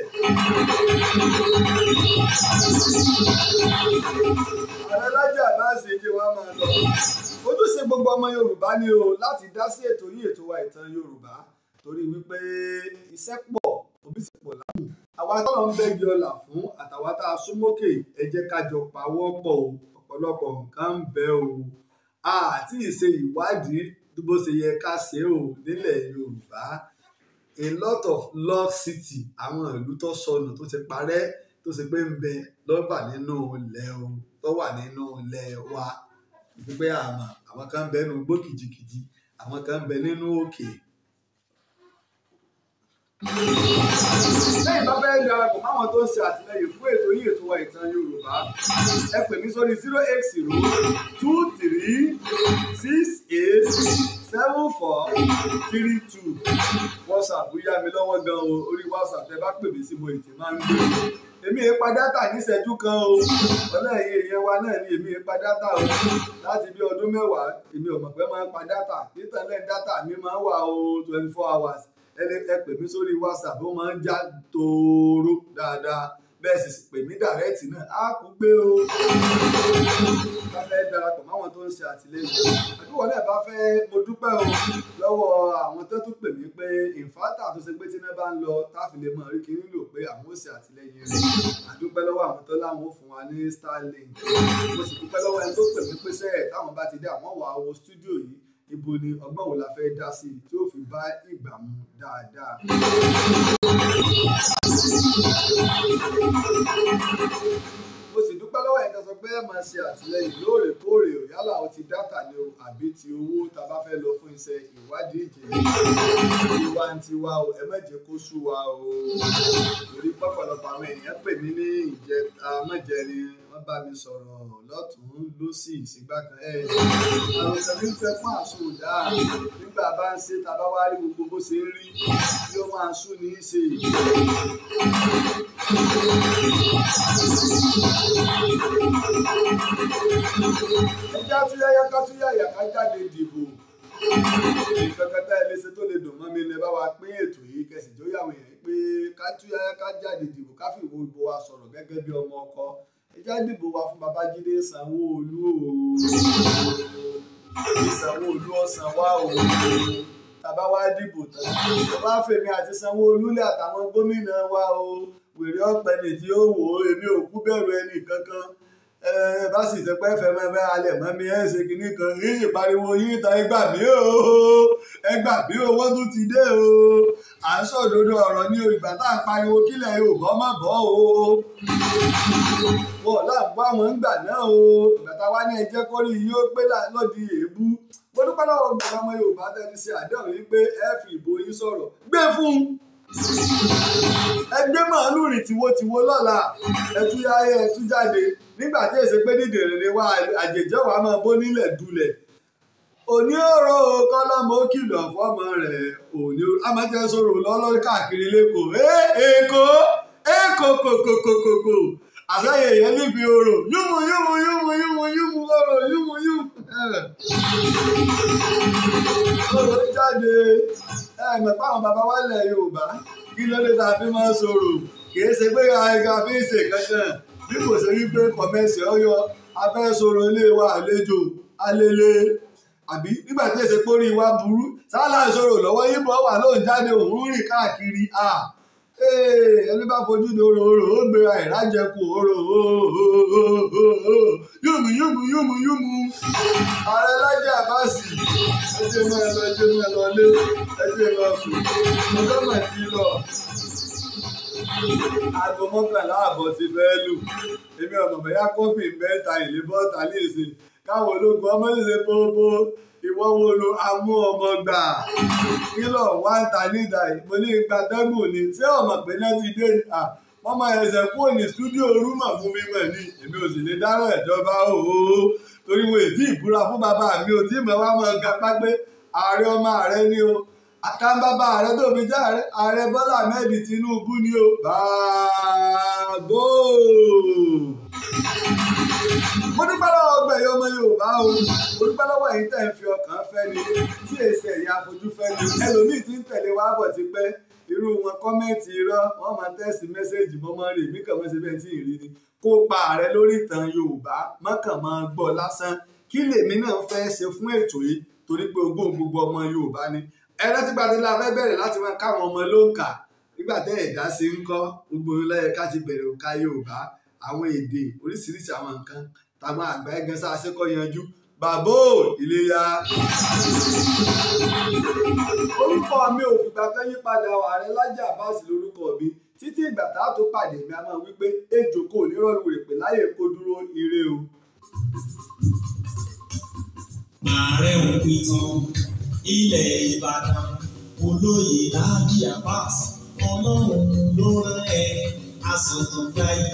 S2: ààrẹ lájà bá ṣe jẹ́ wàá máa lọ ojúṣe gbogbo ọmọ Yorùbá ni o láti dá sí ètò yìí ètò wa ìtàn Yorùbá torí wípé iṣẹ́ pọ̀ òbí sì pọ̀ láwù àwa tọ́lọ̀ ń bẹ́ẹ̀ yọlà fún àtàwa tá a súnmọ́kè ẹ jẹ́ pawọ́ pọ̀ o ọ̀pọ̀lọpọ̀ nǹkan ń bẹ o àti ìṣe ìwádìí bó ṣe yẹ ká ṣe o nílẹ̀ Yorùbá a lot of lost city àwọn ìlú tó sọnù tó ti parẹ́ tó ṣe pé ń bẹ lọ́gbà nínú ilẹ̀ o tó wà nínú ilẹ̀ wa wípé àmọ́ àwọn kan ń bẹ nínú gbó àwọn kan ń bẹ nínú òkè. Okay lẹ́yìn tó fẹ́ darapọ̀ máwọn tó ń ṣe àtìlẹyìn fún ètò yìí ètò wa ìtàn Yorùbá ẹ pè mí sórí zero eight zero two three six eight seven four three two WhatsApp yá mi lọ́wọ́ gan o orí WhatsApp tẹ bá pè mí sí mo ètè máa ń gbé èmi èpa dátà níṣẹ́jú kan o ọ̀nà ẹ̀yìn èèyàn wa náà ni èmi èpa dátà o láti bí ọdún mẹ́wàá èmi ò mọ̀ pé máa ń pa dátà nítorí dátà mi máa ń wà o twenty four hours ẹni ẹ pè mí sórí whatsapp ó máa ń já tóóró dáadáa bẹ́ẹ̀ sì pè mí dàrẹ́ẹ̀tì náà á kú gbé o bá fẹ́ darapọ̀ máwọn tó ń ṣe àtìlẹ́yìn àdúgbò náà bá fẹ́ mo dúpẹ́ o lọ́wọ́ àwọn tó tún pè mí pé ìfátà tó ṣe pé tí iná bá ń lọ táfìlẹ̀ mọ̀ rí kí lò pé àwọn ò ṣe àtìlẹ́yìn rẹ̀ àdúpẹ́ lọ́wọ́ àwọn tó láwọn ò fún wa ní starlink mo sì dúpẹ́ lọ́wọ́ ẹni tó pè mí pé sẹ́ẹ̀ táwọn bá ti dé àwọn wàá wo stúdíò yìí ibo ni ọgbọ́n wo la fẹ́ dá sí tí ó fi bá ìgbà mu dáadáa. mo sì dúpẹ́ lọ́wọ́ ẹ̀ka sọ pé ẹ máa ṣe àtìlẹyìn lóòrèkóòrè yálà ó ti dátà ni o àbí ti owó tá a bá fẹ́ lọ fún iṣẹ́ ìwádìí ìjìnlẹ̀ tiwantiwa o ẹ mẹ́jẹ̀ kó sú wa o torí pọ̀pọ̀lọpọ̀ àwọn èèyàn pè mí ní ìjẹta mẹ́jẹrin wọ́n bá mi sọ̀rọ̀ lọ́tún lọ́sì sígbà kan ẹ̀ àwọn ìṣẹ̀lẹ̀ ń fẹ́ fún àṣọ òdá nígbà bá ń ṣe tàbá wá rí gbogbo bó ṣe ń rí bí ó máa sún ní í ṣe. ẹjẹ́ àtúnyẹ̀yẹ ká túnyẹ̀yẹ ká jáde dìbò ìkọkọta ẹlẹsẹ tó lè dùn mọ́ mi lẹ bá wa pín ètò yìí kẹsì yàwó yẹn pé ká túyàyà ká jáde dìbò ká fi ìwo ìbò wa sọ̀rọ̀ gẹ́gẹ́ bí ọmọ ọkọ ẹjá dìbò wa fún babájídé sanwóolu o sanwóolu ọsàn wa o tàbá wa dìbò tán bàbá fèmí àti sanwóolu lé àtàwọn gómìnà wa o wèrè ọpẹ nìtí ó wò ó èmi ò kú bẹ̀rù ẹnì kankan bá sì ti pẹ́ fẹ́ mẹ́fẹ́ alẹ̀ mọ́ mi ẹ̀ ṣe kìíní kan rí ìpariwo yìí tán ẹ gbà mí o ẹ gbà mí o wọ́n tún ti dé o à ń sọ̀dodo ọ̀rọ̀ ní ìgbà tá à ń pariwo kílẹ̀ yóò bọ́ mọ́ bọ́ o ọ̀pọ̀ láàbọ̀ àwọn ńgbà náà o ìgbà tá a wá ní ẹjẹ́ kórí yóò pé lọ́dí èébú mo dúpẹ́ lọ́wọ́ gbogbo ọmọ Yorùbá tẹ́lẹ̀ ṣe àdéhùn yìí pé ẹ fi ìbò yín sọ̀rọ̀ gbé fún un ẹgbẹ́ màálù rìn tiwotiwo lọ́la ẹtúyà ẹtújáde nígbà tí èsì pé nídìí rere wa àjèjọ́ wa máa bó nílẹ̀ dulẹ̀ òní ọ̀rọ̀ kọ́lọ́mọ ó kìlọ̀ fọ́mọ rẹ̀ òní amọ̀tẹ́sọ̀rọ̀ lọ́lọ́ káàkiri lẹ́kọ̀ọ́ èkó èkó kòkòkòkòkò àsáyé èèyàn níbi orò yúmu yúmu yúmu yúmu yúmu orò yúmu yúmu. orò jáde ẹ̀ẹ̀mẹ̀pá àwọn bàbá wa lẹ̀ Yorùbá kí ló dé tá máa sọ̀rọ̀ kìí ṣe pé àìga fi ń ṣe kankan bí kò ṣe rí pé kọ̀mẹ́sì ọyọ afẹ́sọ̀rọ̀ ilé wa àlejò alele àbí nígbà tí èsè pórí wa burú sálà ìṣòro lọ́wọ́ yìnbọn wà lóun jáde òun rìn káàkiri à. Ah ẹni bá fojú di oró oró ó gbéra ẹ̀ lájẹkù oró yùmù yùmù yùmù yùmù ààrẹ lájà àbáàsì ẹjẹ máa lọ ẹjẹ máa lọ lé ẹjẹ máa fò ti lọ aago ti lù èmi káwọn ológun ọmọ ìwọ wo lo amú ọmọ gbà kílọ̀ wá ń ta níta yìí mo ní gba tẹ́gùn ni ṣé ọmọ pé ti dé à wọ́n máa ẹsẹ̀ kúrò ní stúdíò rúmọ̀ fún mi mọ̀ ní èmi ò sì lè dáná ìjọba òhòhò torí wo èdè ìbúra fún bàbá mi ò tí mọ̀ wá mọ̀ ga pápẹ́ ààrẹ ọmọ ààrẹ ni o àtàǹbàbà ààrẹ tó fi já ààrẹ Bọ́lá Ahmed Tinubu ni o bàbá mo dúpẹ́ lọ́wọ́ ọgbà ẹ̀yọ́ ọmọ Yorùbá o mo dúpẹ́ lọ́wọ́ ẹ̀yin tẹ̀ ń fi ọkàn fẹ́ ni tí èsì ẹ̀yà afojú fẹ́ ni ẹlòmíì ti ń tẹ̀lé wa bọ̀ ti pẹ́ irú wọn kọ́mẹ́ǹtì irọ́ wọ́n máa tẹ́sì mẹ́sẹ́ẹ̀jì mọ́mọ́ rè mí kàn mọ́sẹ̀ bẹ́ẹ̀ tí ì rí ni kópa rẹ lórí ìtàn Yorùbá mọ́kàn máa gbọ́ lásán kí lèmi náà fẹ́ ṣe fún ètò yìí torí pé ogún gbogbo ọmọ Yorùbá ni ẹ̀rọ ti gbàdé la fẹ́ bẹ̀rẹ̀ láti máa káwọn ọmọ ló ń kà nígbà tẹ́ ẹ̀dá ṣe ń kọ́ gbogbo lẹ́yìn ká ti bẹ̀rẹ̀ òǹkà Yorùbá àwọn èdè oríṣiríṣi àwọn nǹkan táwọn àgbà ẹ̀gán sá ṣe kọ́ yanjú bàbá ìléyà. orúkọ mi ò fìgbà kan yí padà Ààrẹ Laji Abbas lórúkọ mi títí ìgbà tá a tó pàdé mi a máa wí pé ejò kò ní rọrùn rèpè láyè kó dúró ire o. ààrẹ òpin tán ilẹ̀ Ìbàdàn olóyè Laji Abbas ọlọ́run ló rán ẹ
S1: asọ̀tàn gbáyé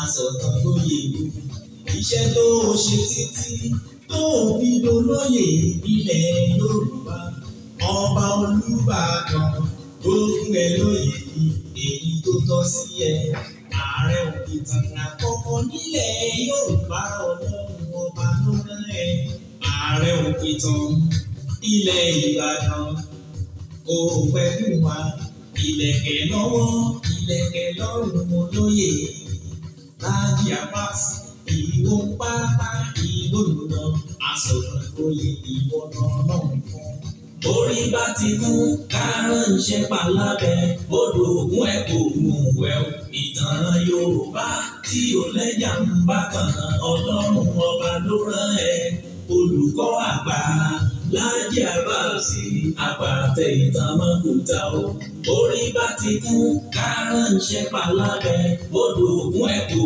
S1: asọ̀tàn lóye gbogbo iṣẹ́ tó ṣe títí tó
S2: fi dolóyè ilẹ̀ Yorùbá ọba Olúbàdàn tó fún ẹ lóyè èyí tó tọ́ sí ẹ ààrẹ òkìtìrà kọ́kọ́ nílẹ̀ Yorùbá ọlọ́run ọba ló rán ẹ ààrẹ òkìtàn ilẹ̀ Ìbàdàn kò pẹ́ fún wa ìlẹ̀kẹ̀ lọ́wọ́ ìlẹ̀kẹ̀ lọ́rùn olóyè láàbí àpáàsì ìwọ pátá ìwọ lùnà àsọ̀rọ̀ oyè ìwọ náà fún. Orí bá ti kú kárán ń ṣe palábẹ́ odò ògùn ẹ̀ kò mú wẹ̀ o. Ìtàn Yorùbá
S1: tí ò lẹ́jà ń bá kan ọlọ́run ọba ló rán ẹ
S3: olùkọ́ àgbà Láàjì Àbáàsì àpàtẹ ìtàn mọ́kúta o. Orí bá ti kú kárán ń ṣe palábẹ́ odò ògùn ẹ̀ kò.